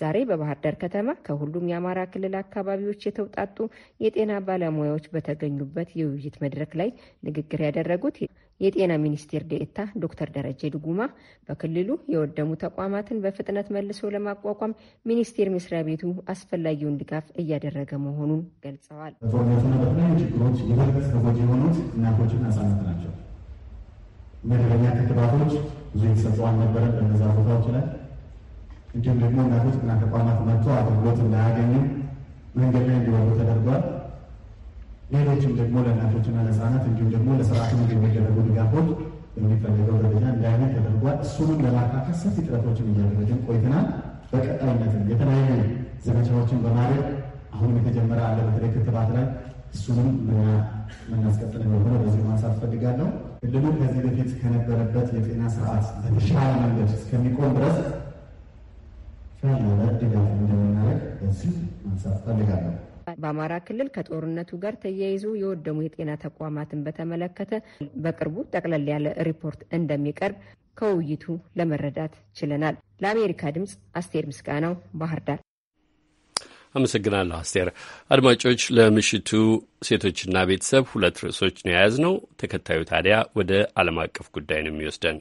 Speaker 12: ዛሬ በባህር ዳር ከተማ ከሁሉም የአማራ ክልል አካባቢዎች የተውጣጡ የጤና ባለሙያዎች በተገኙበት የውይይት መድረክ ላይ ንግግር ያደረጉት የጤና ሚኒስቴር ዴኤታ ዶክተር ደረጀ ድጉማ በክልሉ የወደሙ ተቋማትን በፍጥነት መልሶ ለማቋቋም ሚኒስቴር መስሪያ ቤቱ አስፈላጊውን ድጋፍ እያደረገ መሆኑን ገልጸዋል። በጦርነቱና በተለያዩ
Speaker 6: ችግሮች የበለጠ ተጎጂ የሆኑት እናቶችና ህጻናት ናቸው። መደበኛ ክትባቶች ብዙ የተሰጠው አልነበረም በነዛ ቦታዎች ላይ እንዲሁም ደግሞ እናቶች እና ተቋማት መጥቶ አገልግሎት እንዳያገኙ መንገድ ላይ እንዲወሩ ተደርጓል። ሌሎችም ደግሞ ለእናቶችና ለህፃናት እንዲሁም ደግሞ ለስርዓተ ምግብ የሚደረጉ ድጋፎች በሚፈለገው ደረጃ
Speaker 3: እንዳይነት ተደርጓል። እሱንም ለማካከል ሰፊ ጥረቶችን እያደረግን ቆይተናል። በቀጣይነትም የተለያዩ ዘመቻዎችን በማድረግ አሁንም የተጀመረ አለ። በተለይ ክትባት ላይ እሱንም የምናስቀጥል የሆነ በዚህ ማንሳት ፈልጋለሁ። ክልሉ ከዚህ በፊት ከነበረበት የጤና
Speaker 6: ስርዓት በተሻለ መንገድ እስከሚቆም ድረስ ያለ ድጋፍ
Speaker 7: እንደምናደርግ በዚህ ማንሳት ፈልጋለሁ።
Speaker 12: በአማራ ክልል ከጦርነቱ ጋር ተያይዞ የወደሙ የጤና ተቋማትን በተመለከተ በቅርቡ ጠቅለል ያለ ሪፖርት እንደሚቀርብ ከውይይቱ ለመረዳት ችለናል። ለአሜሪካ ድምፅ አስቴር ምስጋናው ባህር ዳር።
Speaker 1: አመሰግናለሁ አስቴር። አድማጮች ለምሽቱ ሴቶችና ቤተሰብ ሁለት ርዕሶች ነው የያዝነው። ተከታዩ ታዲያ ወደ ዓለም አቀፍ ጉዳይ ነው የሚወስደን።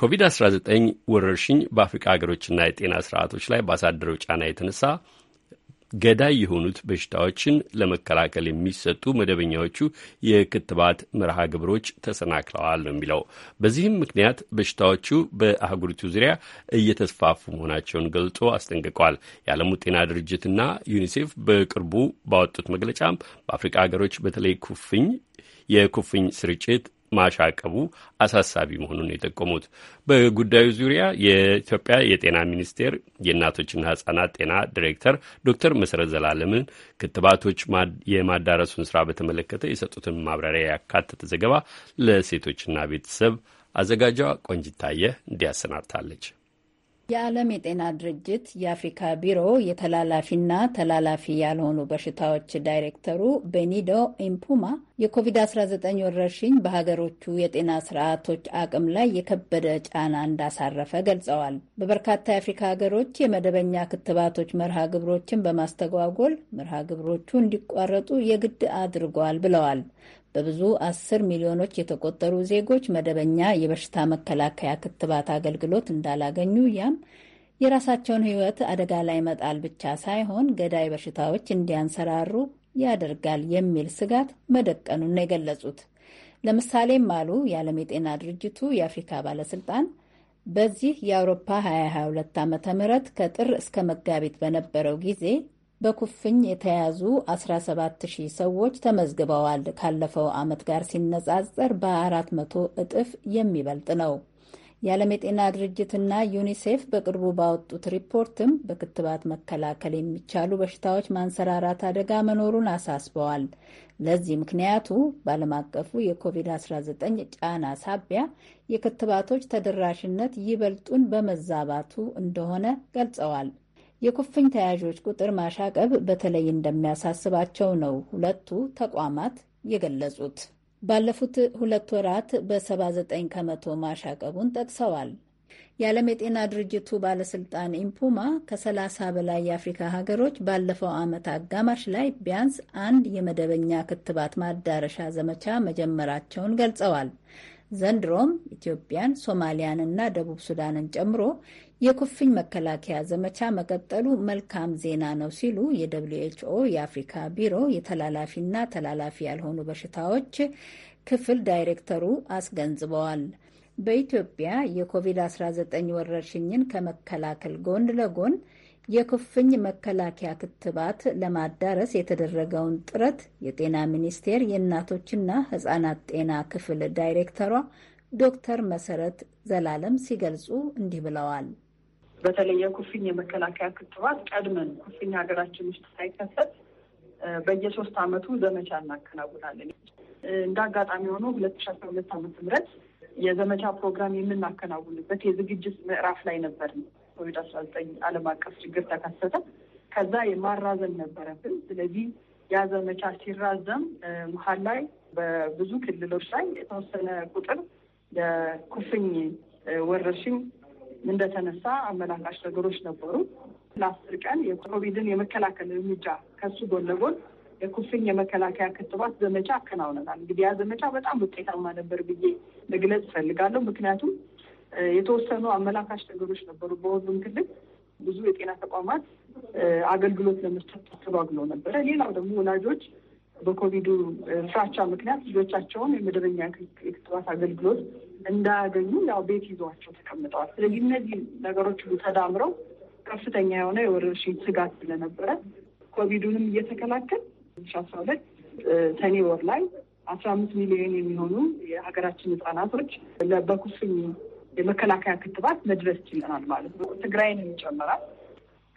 Speaker 1: ኮቪድ-19 ወረርሽኝ በአፍሪካ ሀገሮችና የጤና ስርዓቶች ላይ ባሳደረው ጫና የተነሳ ገዳይ የሆኑት በሽታዎችን ለመከላከል የሚሰጡ መደበኛዎቹ የክትባት መርሃ ግብሮች ተሰናክለዋል ነው የሚለው። በዚህም ምክንያት በሽታዎቹ በአህጉሪቱ ዙሪያ እየተስፋፉ መሆናቸውን ገልጾ አስጠንቅቋል። የዓለሙ ጤና ድርጅትና ዩኒሴፍ በቅርቡ ባወጡት መግለጫም በአፍሪቃ ሀገሮች በተለይ ኩፍኝ የኩፍኝ ስርጭት ማሻቀቡ አሳሳቢ መሆኑን የጠቆሙት በጉዳዩ ዙሪያ የኢትዮጵያ የጤና ሚኒስቴር የእናቶችና ህጻናት ጤና ዲሬክተር ዶክተር መሰረት ዘላለምን ክትባቶች የማዳረሱን ስራ በተመለከተ የሰጡትን ማብራሪያ ያካተተ ዘገባ ለሴቶችና ቤተሰብ አዘጋጇ ቆንጅታየ እንዲያሰናድታለች።
Speaker 4: የዓለም የጤና ድርጅት የአፍሪካ ቢሮ የተላላፊና ተላላፊ ያልሆኑ በሽታዎች ዳይሬክተሩ ቤኒዶ ኢምፑማ የኮቪድ-19 ወረርሽኝ በሀገሮቹ የጤና ስርዓቶች አቅም ላይ የከበደ ጫና እንዳሳረፈ ገልጸዋል። በበርካታ የአፍሪካ ሀገሮች የመደበኛ ክትባቶች መርሃ ግብሮችን በማስተጓጎል መርሃ ግብሮቹ እንዲቋረጡ የግድ አድርጓል ብለዋል። በብዙ አስር ሚሊዮኖች የተቆጠሩ ዜጎች መደበኛ የበሽታ መከላከያ ክትባት አገልግሎት እንዳላገኙ ያም የራሳቸውን ሕይወት አደጋ ላይ መጣል ብቻ ሳይሆን ገዳይ በሽታዎች እንዲያንሰራሩ ያደርጋል የሚል ስጋት መደቀኑን ነው የገለጹት። ለምሳሌም አሉ የዓለም የጤና ድርጅቱ የአፍሪካ ባለስልጣን በዚህ የአውሮፓ 2022 ዓ ም ከጥር እስከ መጋቢት በነበረው ጊዜ በኩፍኝ የተያዙ 17000 ሰዎች ተመዝግበዋል። ካለፈው ዓመት ጋር ሲነጻጸር በ400 እጥፍ የሚበልጥ ነው። የዓለም የጤና ድርጅትና ዩኒሴፍ በቅርቡ ባወጡት ሪፖርትም በክትባት መከላከል የሚቻሉ በሽታዎች ማንሰራራት አደጋ መኖሩን አሳስበዋል። ለዚህ ምክንያቱ በዓለም አቀፉ የኮቪድ-19 ጫና ሳቢያ የክትባቶች ተደራሽነት ይበልጡን በመዛባቱ እንደሆነ ገልጸዋል። የኩፍኝ ተያዦች ቁጥር ማሻቀብ በተለይ እንደሚያሳስባቸው ነው ሁለቱ ተቋማት የገለጹት። ባለፉት ሁለት ወራት በ79 ከመቶ ማሻቀቡን ጠቅሰዋል። የዓለም የጤና ድርጅቱ ባለስልጣን ኢምፑማ ከ30 በላይ የአፍሪካ ሀገሮች ባለፈው ዓመት አጋማሽ ላይ ቢያንስ አንድ የመደበኛ ክትባት ማዳረሻ ዘመቻ መጀመራቸውን ገልጸዋል። ዘንድሮም ኢትዮጵያን፣ ሶማሊያንና ደቡብ ሱዳንን ጨምሮ የኩፍኝ መከላከያ ዘመቻ መቀጠሉ መልካም ዜና ነው ሲሉ የደብሊው ኤችኦ የአፍሪካ ቢሮ የተላላፊና ተላላፊ ያልሆኑ በሽታዎች ክፍል ዳይሬክተሩ አስገንዝበዋል። በኢትዮጵያ የኮቪድ-19 ወረርሽኝን ከመከላከል ጎን ለጎን የኩፍኝ መከላከያ ክትባት ለማዳረስ የተደረገውን ጥረት የጤና ሚኒስቴር የእናቶችና ሕጻናት ጤና ክፍል ዳይሬክተሯ ዶክተር መሰረት
Speaker 13: ዘላለም ሲገልጹ እንዲህ ብለዋል። በተለይ የኩፍኝ የመከላከያ ክትባት ቀድመን ኩፍኝ ሀገራችን ውስጥ ሳይከሰት በየሶስት አመቱ ዘመቻ እናከናውናለን። እንደ አጋጣሚ ሆኖ ሁለት ሺ አስራ ሁለት ዓመተ ምህረት የዘመቻ ፕሮግራም የምናከናውንበት የዝግጅት ምዕራፍ ላይ ነበር ነው ኮቪድ አስራ ዘጠኝ ዓለም አቀፍ ችግር ተከሰተ። ከዛ የማራዘም ነበረብን። ስለዚህ ያ ዘመቻ ሲራዘም መሀል ላይ በብዙ ክልሎች ላይ የተወሰነ ቁጥር የኩፍኝ ወረርሽኝ እንደተነሳ አመላካሽ ነገሮች ነበሩ። ለአስር ቀን የኮቪድን የመከላከል እርምጃ ከሱ ጎን ለጎን የኩፍኝ የመከላከያ ክትባት ዘመቻ አከናውነናል። እንግዲህ ያ ዘመቻ በጣም ውጤታማ ነበር ብዬ መግለጽ እፈልጋለሁ። ምክንያቱም የተወሰኑ አመላካች ነገሮች ነበሩ። በሁሉም ክልል ብዙ የጤና ተቋማት አገልግሎት ለመስጠት ተስተጓጉለው ነበረ። ሌላው ደግሞ ወላጆች በኮቪዱ ፍራቻ ምክንያት ልጆቻቸውን የመደበኛ የክትባት አገልግሎት እንዳያገኙ ያው ቤት ይዘዋቸው ተቀምጠዋል። ስለዚህ እነዚህ ነገሮች ሁሉ ተዳምረው ከፍተኛ የሆነ የወረርሽኝ ስጋት ስለነበረ ኮቪዱንም እየተከላከል አስራ ሁለት ሰኔ ወር ላይ አስራ አምስት ሚሊዮን የሚሆኑ የሀገራችን ህጻናቶች በኩፍኝ የመከላከያ ክትባት መድረስ ችለናል ማለት ነው። ትግራይን ይጨምራል።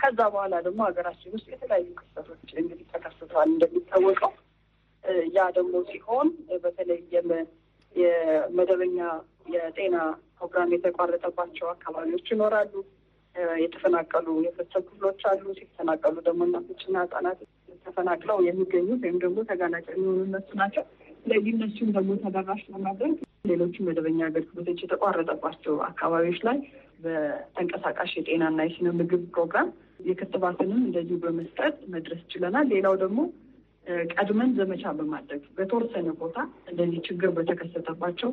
Speaker 13: ከዛ በኋላ ደግሞ ሀገራችን ውስጥ የተለያዩ ክስተቶች እንግዲህ ተከስተዋል እንደሚታወቀው። ያ ደግሞ ሲሆን በተለይ የመደበኛ የጤና ፕሮግራም የተቋረጠባቸው አካባቢዎች ይኖራሉ። የተፈናቀሉ የህብረተሰብ ክፍሎች አሉ። ሲፈናቀሉ ደግሞ እናቶችና ህጻናት ተፈናቅለው የሚገኙት ወይም ደግሞ ተጋላጭ የሚሆኑ እነሱ ናቸው። ስለዚህ እነሱን ደግሞ ተደራሽ ለማድረግ ሌሎችም መደበኛ አገልግሎቶች የተቋረጠባቸው አካባቢዎች ላይ በተንቀሳቃሽ የጤናና የስነ ምግብ ፕሮግራም የክትባትንም እንደዚሁ በመስጠት መድረስ ችለናል። ሌላው ደግሞ ቀድመን ዘመቻ በማድረግ በተወሰነ ቦታ እንደዚህ ችግር በተከሰተባቸው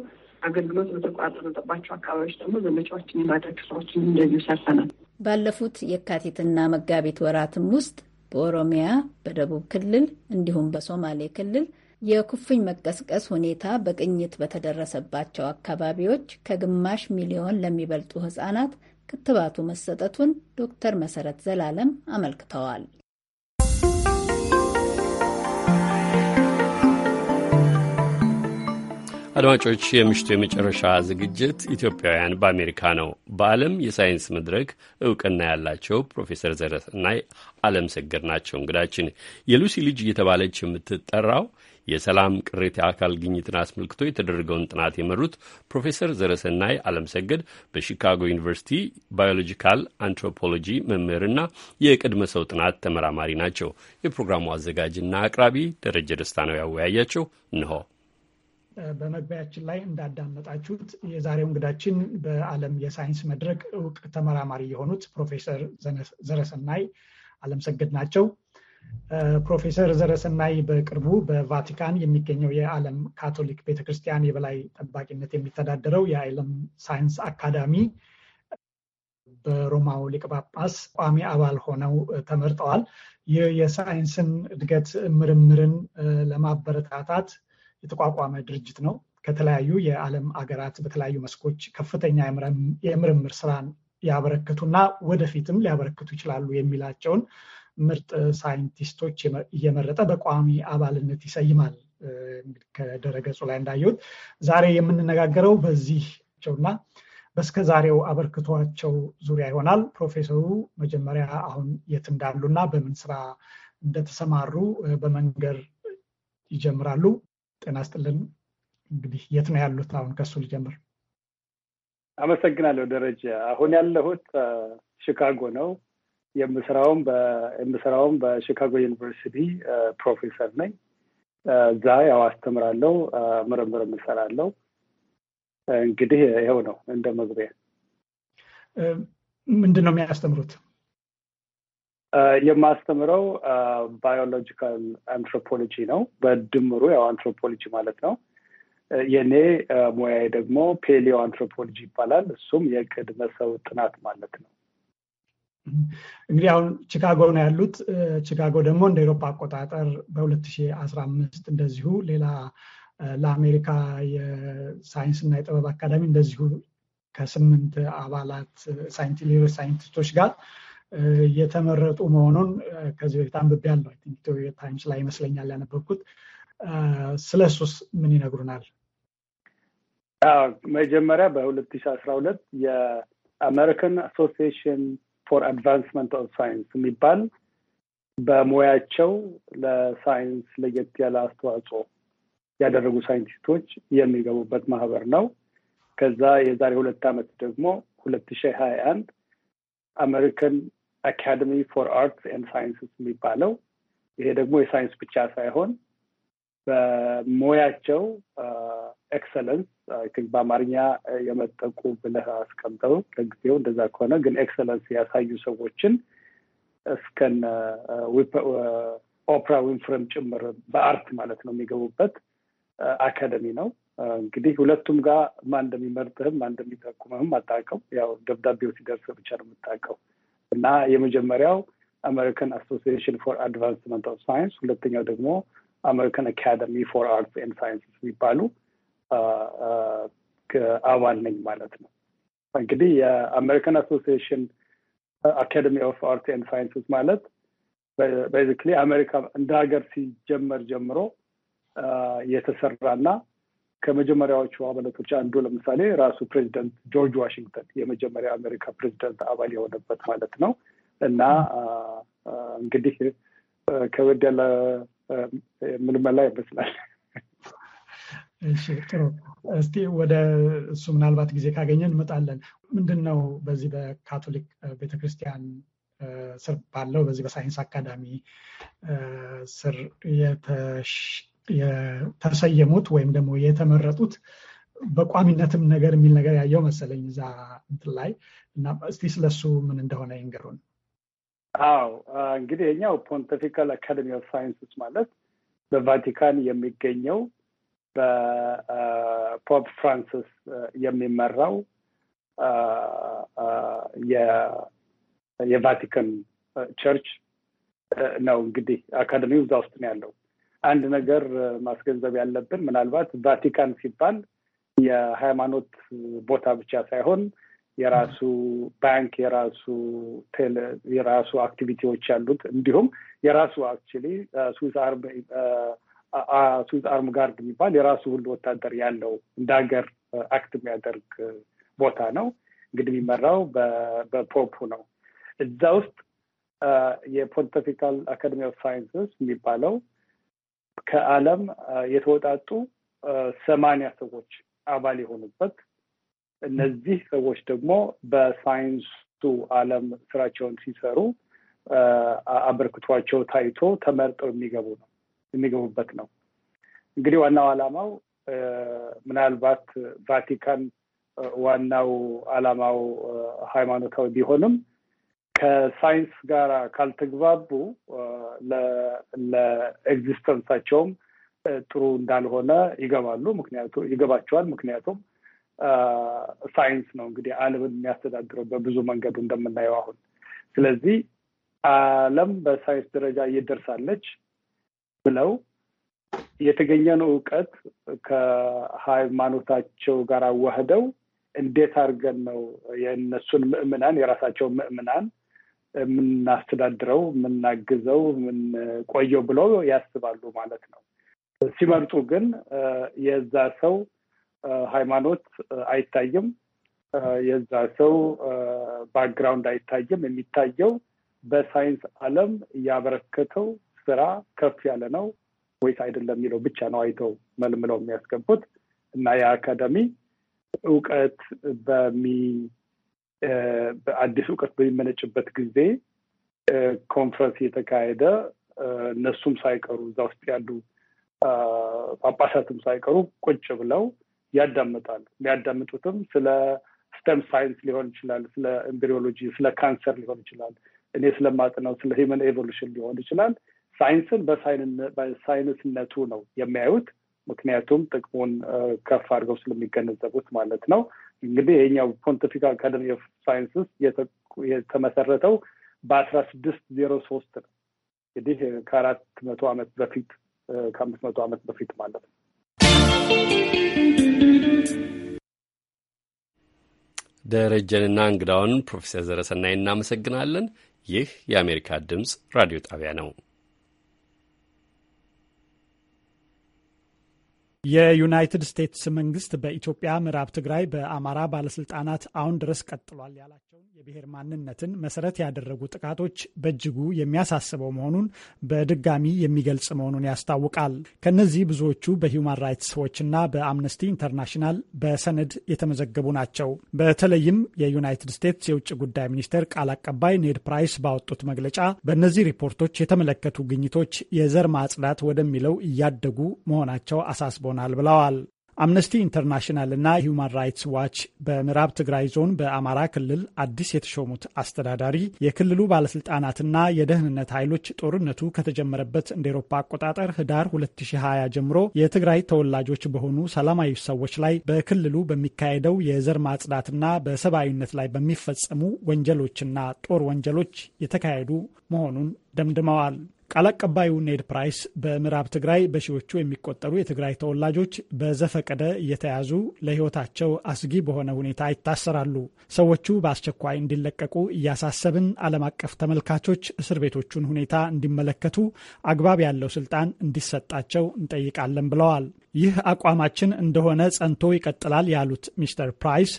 Speaker 13: አገልግሎት በተቋረጠባቸው አካባቢዎች ደግሞ ዘመቻዎችን የማድረግ ስራዎችን እንደዚሁ ሰርተናል።
Speaker 4: ባለፉት የካቲትና መጋቢት ወራትም ውስጥ በኦሮሚያ፣ በደቡብ ክልል እንዲሁም በሶማሌ ክልል የኩፍኝ መቀስቀስ ሁኔታ በቅኝት በተደረሰባቸው አካባቢዎች ከግማሽ ሚሊዮን ለሚበልጡ ህጻናት ክትባቱ መሰጠቱን ዶክተር መሰረት ዘላለም አመልክተዋል።
Speaker 1: አድማጮች፣ የምሽቱ የመጨረሻ ዝግጅት ኢትዮጵያውያን በአሜሪካ ነው። በዓለም የሳይንስ መድረክ እውቅና ያላቸው ፕሮፌሰር ዘረሰናይ አለም ሰገድ ናቸው እንግዳችን። የሉሲ ልጅ እየተባለች የምትጠራው የሰላም ቅሬታ አካል ግኝትን አስመልክቶ የተደረገውን ጥናት የመሩት ፕሮፌሰር ዘረሰናይ አለምሰገድ በሺካጎ ዩኒቨርሲቲ ባዮሎጂካል አንትሮፖሎጂ መምህርና የቅድመ ሰው ጥናት ተመራማሪ ናቸው። የፕሮግራሙ አዘጋጅና አቅራቢ ደረጀ ደስታ ነው ያወያያቸው። እንሆ
Speaker 3: በመግቢያችን ላይ እንዳዳመጣችሁት የዛሬው እንግዳችን በዓለም የሳይንስ መድረክ እውቅ ተመራማሪ የሆኑት ፕሮፌሰር ዘረሰናይ አለምሰገድ ናቸው። ፕሮፌሰር ዘረሰናይ በቅርቡ በቫቲካን የሚገኘው የዓለም ካቶሊክ ቤተክርስቲያን የበላይ ጠባቂነት የሚተዳደረው የዓለም ሳይንስ አካዳሚ በሮማው ሊቀ ጳጳስ ቋሚ አባል ሆነው ተመርጠዋል። ይህ የሳይንስን እድገት ምርምርን ለማበረታታት የተቋቋመ ድርጅት ነው። ከተለያዩ የዓለም አገራት በተለያዩ መስኮች ከፍተኛ የምርምር ስራን ያበረክቱና ወደፊትም ሊያበረክቱ ይችላሉ የሚላቸውን ምርጥ ሳይንቲስቶች እየመረጠ በቋሚ አባልነት ይሰይማል። ከደረገጹ ላይ እንዳየሁት ዛሬ የምንነጋገረው በዚህ በስከ ዛሬው አበርክቷቸው ዙሪያ ይሆናል። ፕሮፌሰሩ መጀመሪያ አሁን የት እንዳሉ እና በምን ስራ እንደተሰማሩ በመንገር ይጀምራሉ። ጤና ስጥልን። እንግዲህ የት ነው ያሉት? አሁን ከሱ ልጀምር።
Speaker 9: አመሰግናለሁ ደረጀ። አሁን ያለሁት ሺካጎ ነው። የምስራውም የምስራውም በሺካጎ ዩኒቨርሲቲ ፕሮፌሰር ነኝ። እዛ ያው አስተምራለው፣ ምርምር የምሰራለው። እንግዲህ ይኸው ነው እንደ መግቢያ።
Speaker 3: ምንድን ነው የሚያስተምሩት?
Speaker 9: የማስተምረው ባዮሎጂካል አንትሮፖሎጂ ነው። በድምሩ ያው አንትሮፖሎጂ ማለት ነው። የእኔ ሙያዬ ደግሞ ፔሊዮ አንትሮፖሎጂ ይባላል። እሱም የቅድመ ሰው ጥናት ማለት ነው።
Speaker 3: እንግዲህ አሁን ቺካጎ ነው ያሉት። ቺካጎ ደግሞ እንደ ኤሮፓ አቆጣጠር በ2015 እንደዚሁ ሌላ ለአሜሪካ የሳይንስና የጥበብ አካዳሚ እንደዚሁ ከስምንት አባላት ሌሎች ሳይንቲስቶች ጋር የተመረጡ መሆኑን ከዚህ በፊት አንብቤያለሁ። ኢትዮጵያ ታይምስ ላይ ይመስለኛል ያነበብኩት። ስለ ሱስ ምን ይነግሩናል?
Speaker 9: መጀመሪያ በ2012 የአሜሪካን አሶሲሽን ፎር አድቫንስመንት ኦፍ ሳይንስ የሚባል በሙያቸው ለሳይንስ ለየት ያለ አስተዋጽኦ ያደረጉ ሳይንቲስቶች የሚገቡበት ማህበር ነው። ከዛ የዛሬ ሁለት ዓመት ደግሞ ሁለት ሺህ ሀያ አንድ አሜሪካን አካደሚ ፎር አርትስ ኤንድ ሳይንስስ የሚባለው ይሄ ደግሞ የሳይንስ ብቻ ሳይሆን በሙያቸው ኤክሰለንስ በአማርኛ የመጠቁ ብለህ አስቀምጠው ለጊዜው እንደዛ ከሆነ ግን ኤክሰለንስ ያሳዩ ሰዎችን እስከነ ኦፕራ ዊንፍረም ጭምር በአርት ማለት ነው የሚገቡበት አካደሚ ነው። እንግዲህ ሁለቱም ጋር ማን እንደሚመርጥህም ማን እንደሚጠቁምህም አታውቅም። ያው ደብዳቤው ሲደርስ ብቻ ነው የምታውቀው። እና የመጀመሪያው አሜሪካን አሶሲዬሽን ፎር አድቫንስመንት ኦፍ ሳይንስ፣ ሁለተኛው ደግሞ አሜሪካን አካደሚ ፎር አርትስ ኤንድ ሳይንስስ የሚባሉ አባል ነኝ ማለት ነው። እንግዲህ የአሜሪካን አሶሲዬሽን አካደሚ ኦፍ አርት ኤንድ ሳይንስስ ማለት ቤዚካሊ አሜሪካ እንደ ሀገር ሲጀመር ጀምሮ የተሰራና ከመጀመሪያዎቹ አባላቶች አንዱ ለምሳሌ ራሱ ፕሬዚደንት ጆርጅ ዋሽንግተን የመጀመሪያ አሜሪካ ፕሬዚደንት አባል የሆነበት ማለት ነው እና እንግዲህ ከበድ ያለ የምንመላ ይመስላል።
Speaker 3: እሺ ጥሩ። እስቲ ወደ እሱ ምናልባት ጊዜ ካገኘ እንመጣለን። ምንድን ነው በዚህ በካቶሊክ ቤተክርስቲያን ስር ባለው በዚህ በሳይንስ አካዳሚ ስር የተሰየሙት ወይም ደግሞ የተመረጡት በቋሚነትም ነገር የሚል ነገር ያየው መሰለኝ እዛ እንትን ላይ እና እስቲ ስለሱ ምን እንደሆነ ይንገሩን።
Speaker 6: አዎ
Speaker 9: እንግዲህ የኛው ፖንቲፊካል አካደሚ ኦፍ ሳይንስስ ማለት በቫቲካን የሚገኘው በፖፕ ፍራንሲስ የሚመራው የቫቲካን ቸርች ነው። እንግዲህ አካደሚው እዛ ውስጥ ነው ያለው። አንድ ነገር ማስገንዘብ ያለብን ምናልባት ቫቲካን ሲባል የሃይማኖት ቦታ ብቻ ሳይሆን የራሱ ባንክ፣ የራሱ የራሱ አክቲቪቲዎች ያሉት እንዲሁም የራሱ አክቹዋሊ ስዊስ አርም ጋርድ የሚባል የራሱ ሁሉ ወታደር ያለው እንደ ሀገር አክት የሚያደርግ ቦታ ነው። እንግዲህ የሚመራው በፖፑ ነው። እዛ ውስጥ የፖንቲፊካል አካደሚ ኦፍ ሳይንስስ የሚባለው ከዓለም የተወጣጡ ሰማንያ ሰዎች አባል የሆኑበት እነዚህ ሰዎች ደግሞ በሳይንሱ ዓለም ስራቸውን ሲሰሩ አበርክቷቸው ታይቶ ተመርጠው የሚገቡ ነው የሚገቡበት ነው። እንግዲህ ዋናው ዓላማው ምናልባት ቫቲካን ዋናው ዓላማው ሃይማኖታዊ ቢሆንም ከሳይንስ ጋር ካልተግባቡ ለኤግዚስተንሳቸውም ጥሩ እንዳልሆነ ይገባሉ ምክንያቱ ይገባቸዋል ምክንያቱም ሳይንስ ነው እንግዲህ ዓለምን የሚያስተዳድረው በብዙ መንገዱ እንደምናየው አሁን። ስለዚህ ዓለም በሳይንስ ደረጃ እየደርሳለች ብለው የተገኘን እውቀት ከሃይማኖታቸው ጋር አዋህደው እንዴት አድርገን ነው የእነሱን ምዕምናን የራሳቸውን ምዕምናን የምናስተዳድረው፣ የምናግዘው፣ የምንቆየው ብለው ያስባሉ ማለት ነው። ሲመርጡ ግን የዛ ሰው ሃይማኖት አይታይም። የዛ ሰው ባክግራውንድ አይታይም። የሚታየው በሳይንስ ዓለም ያበረከተው ስራ ከፍ ያለ ነው ወይስ አይደለም የሚለው ብቻ ነው አይተው መልምለው የሚያስገቡት እና የአካደሚ እውቀት በሚ በአዲስ እውቀት በሚመነጭበት ጊዜ ኮንፈረንስ እየተካሄደ እነሱም ሳይቀሩ እዛ ውስጥ ያሉ ጳጳሳትም ሳይቀሩ ቁጭ ብለው ያዳምጣሉ። የሚያዳምጡትም ስለ ስተም ሳይንስ ሊሆን ይችላል፣ ስለ ኤምብሪዮሎጂ፣ ስለ ካንሰር ሊሆን ይችላል፣ እኔ ስለማጥነው ስለ ሂመን ኤቮሉሽን ሊሆን ይችላል። ሳይንስን በሳይንስነቱ ነው የሚያዩት። ምክንያቱም ጥቅሙን ከፍ አድርገው ስለሚገነዘቡት ማለት ነው። እንግዲህ ይሄኛው ፖንቲፊክ አካደሚ ኦፍ ሳይንስስ የተመሰረተው በአስራ ስድስት ዜሮ ሶስት ነው። እንግዲህ ከአራት መቶ ዓመት በፊት ከአምስት መቶ ዓመት በፊት ማለት ነው።
Speaker 1: ደረጀንና እንግዳውን ፕሮፌሰር ዘረሰናይ እናመሰግናለን። ይህ የአሜሪካ ድምፅ ራዲዮ ጣቢያ ነው።
Speaker 3: የዩናይትድ ስቴትስ መንግስት በኢትዮጵያ ምዕራብ ትግራይ በአማራ ባለስልጣናት አሁን ድረስ ቀጥሏል ያላቸውን የብሔር ማንነትን መሰረት ያደረጉ ጥቃቶች በእጅጉ የሚያሳስበው መሆኑን በድጋሚ የሚገልጽ መሆኑን ያስታውቃል። ከነዚህ ብዙዎቹ በሂውማን ራይትስ ዎችና በአምነስቲ ኢንተርናሽናል በሰነድ የተመዘገቡ ናቸው። በተለይም የዩናይትድ ስቴትስ የውጭ ጉዳይ ሚኒስቴር ቃል አቀባይ ኔድ ፕራይስ ባወጡት መግለጫ በእነዚህ ሪፖርቶች የተመለከቱ ግኝቶች የዘር ማጽዳት ወደሚለው እያደጉ መሆናቸው አሳስቧል። አድርጎናል ብለዋል። አምነስቲ ኢንተርናሽናል እና ሂውማን ራይትስ ዋች በምዕራብ ትግራይ ዞን በአማራ ክልል አዲስ የተሾሙት አስተዳዳሪ የክልሉ ባለስልጣናትና የደህንነት ኃይሎች ጦርነቱ ከተጀመረበት እንደ ኤሮፓ አቆጣጠር ህዳር 2020 ጀምሮ የትግራይ ተወላጆች በሆኑ ሰላማዊ ሰዎች ላይ በክልሉ በሚካሄደው የዘር ማጽዳትና በሰብአዊነት ላይ በሚፈጸሙ ወንጀሎችና ጦር ወንጀሎች የተካሄዱ መሆኑን ደምድመዋል። ቃል አቀባዩ ኔድ ፕራይስ በምዕራብ ትግራይ በሺዎቹ የሚቆጠሩ የትግራይ ተወላጆች በዘፈቀደ እየተያዙ ለሕይወታቸው አስጊ በሆነ ሁኔታ ይታሰራሉ። ሰዎቹ በአስቸኳይ እንዲለቀቁ እያሳሰብን ዓለም አቀፍ ተመልካቾች እስር ቤቶቹን ሁኔታ እንዲመለከቱ አግባብ ያለው ስልጣን እንዲሰጣቸው እንጠይቃለን ብለዋል። ይህ አቋማችን እንደሆነ ጸንቶ ይቀጥላል ያሉት ሚስተር ፕራይስ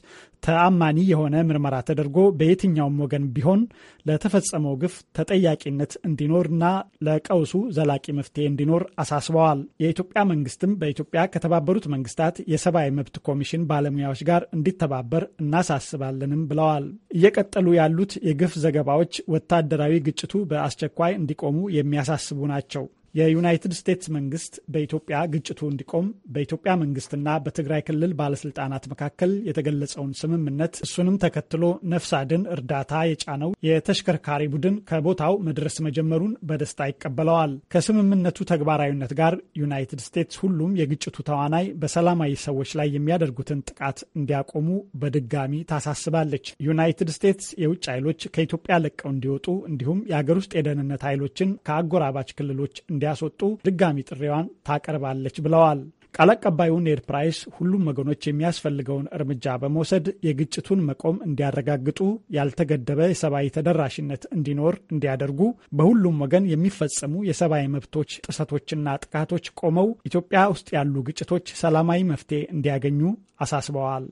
Speaker 3: ተአማኒ የሆነ ምርመራ ተደርጎ በየትኛውም ወገን ቢሆን ለተፈጸመው ግፍ ተጠያቂነት እንዲኖርና ለቀውሱ ዘላቂ መፍትሄ እንዲኖር አሳስበዋል። የኢትዮጵያ መንግስትም በኢትዮጵያ ከተባበሩት መንግስታት የሰብአዊ መብት ኮሚሽን ባለሙያዎች ጋር እንዲተባበር እናሳስባለንም ብለዋል። እየቀጠሉ ያሉት የግፍ ዘገባዎች ወታደራዊ ግጭቱ በአስቸኳይ እንዲቆሙ የሚያሳስቡ ናቸው። የዩናይትድ ስቴትስ መንግስት በኢትዮጵያ ግጭቱ እንዲቆም በኢትዮጵያ መንግስትና በትግራይ ክልል ባለስልጣናት መካከል የተገለጸውን ስምምነት እሱንም ተከትሎ ነፍስ አድን እርዳታ የጫነው የተሽከርካሪ ቡድን ከቦታው መድረስ መጀመሩን በደስታ ይቀበለዋል። ከስምምነቱ ተግባራዊነት ጋር ዩናይትድ ስቴትስ ሁሉም የግጭቱ ተዋናይ በሰላማዊ ሰዎች ላይ የሚያደርጉትን ጥቃት እንዲያቆሙ በድጋሚ ታሳስባለች። ዩናይትድ ስቴትስ የውጭ ኃይሎች ከኢትዮጵያ ለቀው እንዲወጡ እንዲሁም የአገር ውስጥ የደህንነት ኃይሎችን ከአጎራባች ክልሎች እንዲያስወጡ ድጋሚ ጥሪዋን ታቀርባለች ብለዋል። ቃል አቀባዩ ኔድ ፕራይስ ሁሉም ወገኖች የሚያስፈልገውን እርምጃ በመውሰድ የግጭቱን መቆም እንዲያረጋግጡ፣ ያልተገደበ የሰብአዊ ተደራሽነት እንዲኖር እንዲያደርጉ፣ በሁሉም ወገን የሚፈጸሙ የሰብአዊ መብቶች ጥሰቶችና ጥቃቶች ቆመው ኢትዮጵያ ውስጥ ያሉ ግጭቶች ሰላማዊ መፍትሄ እንዲያገኙ አሳስበዋል።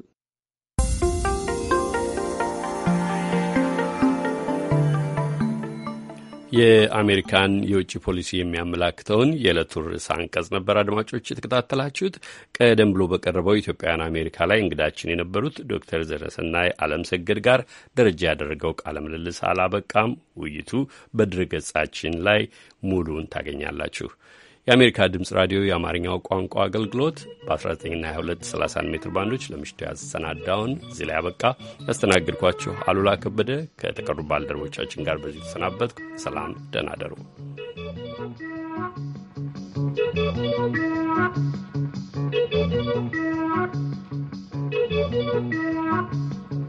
Speaker 1: የአሜሪካን የውጭ ፖሊሲ የሚያመላክተውን የዕለቱ ርዕሰ አንቀጽ ነበር አድማጮች የተከታተላችሁት። ቀደም ብሎ በቀረበው ኢትዮጵያውያን አሜሪካ ላይ እንግዳችን የነበሩት ዶክተር ዘረሰናይ አለምሰገድ ጋር ደረጃ ያደረገው ቃለ ምልልስ አላበቃም። ውይይቱ በድረ ገጻችን ላይ ሙሉውን ታገኛላችሁ። የአሜሪካ ድምፅ ራዲዮ የአማርኛው ቋንቋ አገልግሎት በ19ና ሜትር ባንዶች ለምሽቱ ያሰናዳውን እዚህ ላይ አበቃ። ያስተናግድኳችሁ አሉላ ከበደ ከተቀሩ ባልደረቦቻችን ጋር በዚህ ተሰናበትኩ። ሰላም፣ ደህና ደሩ።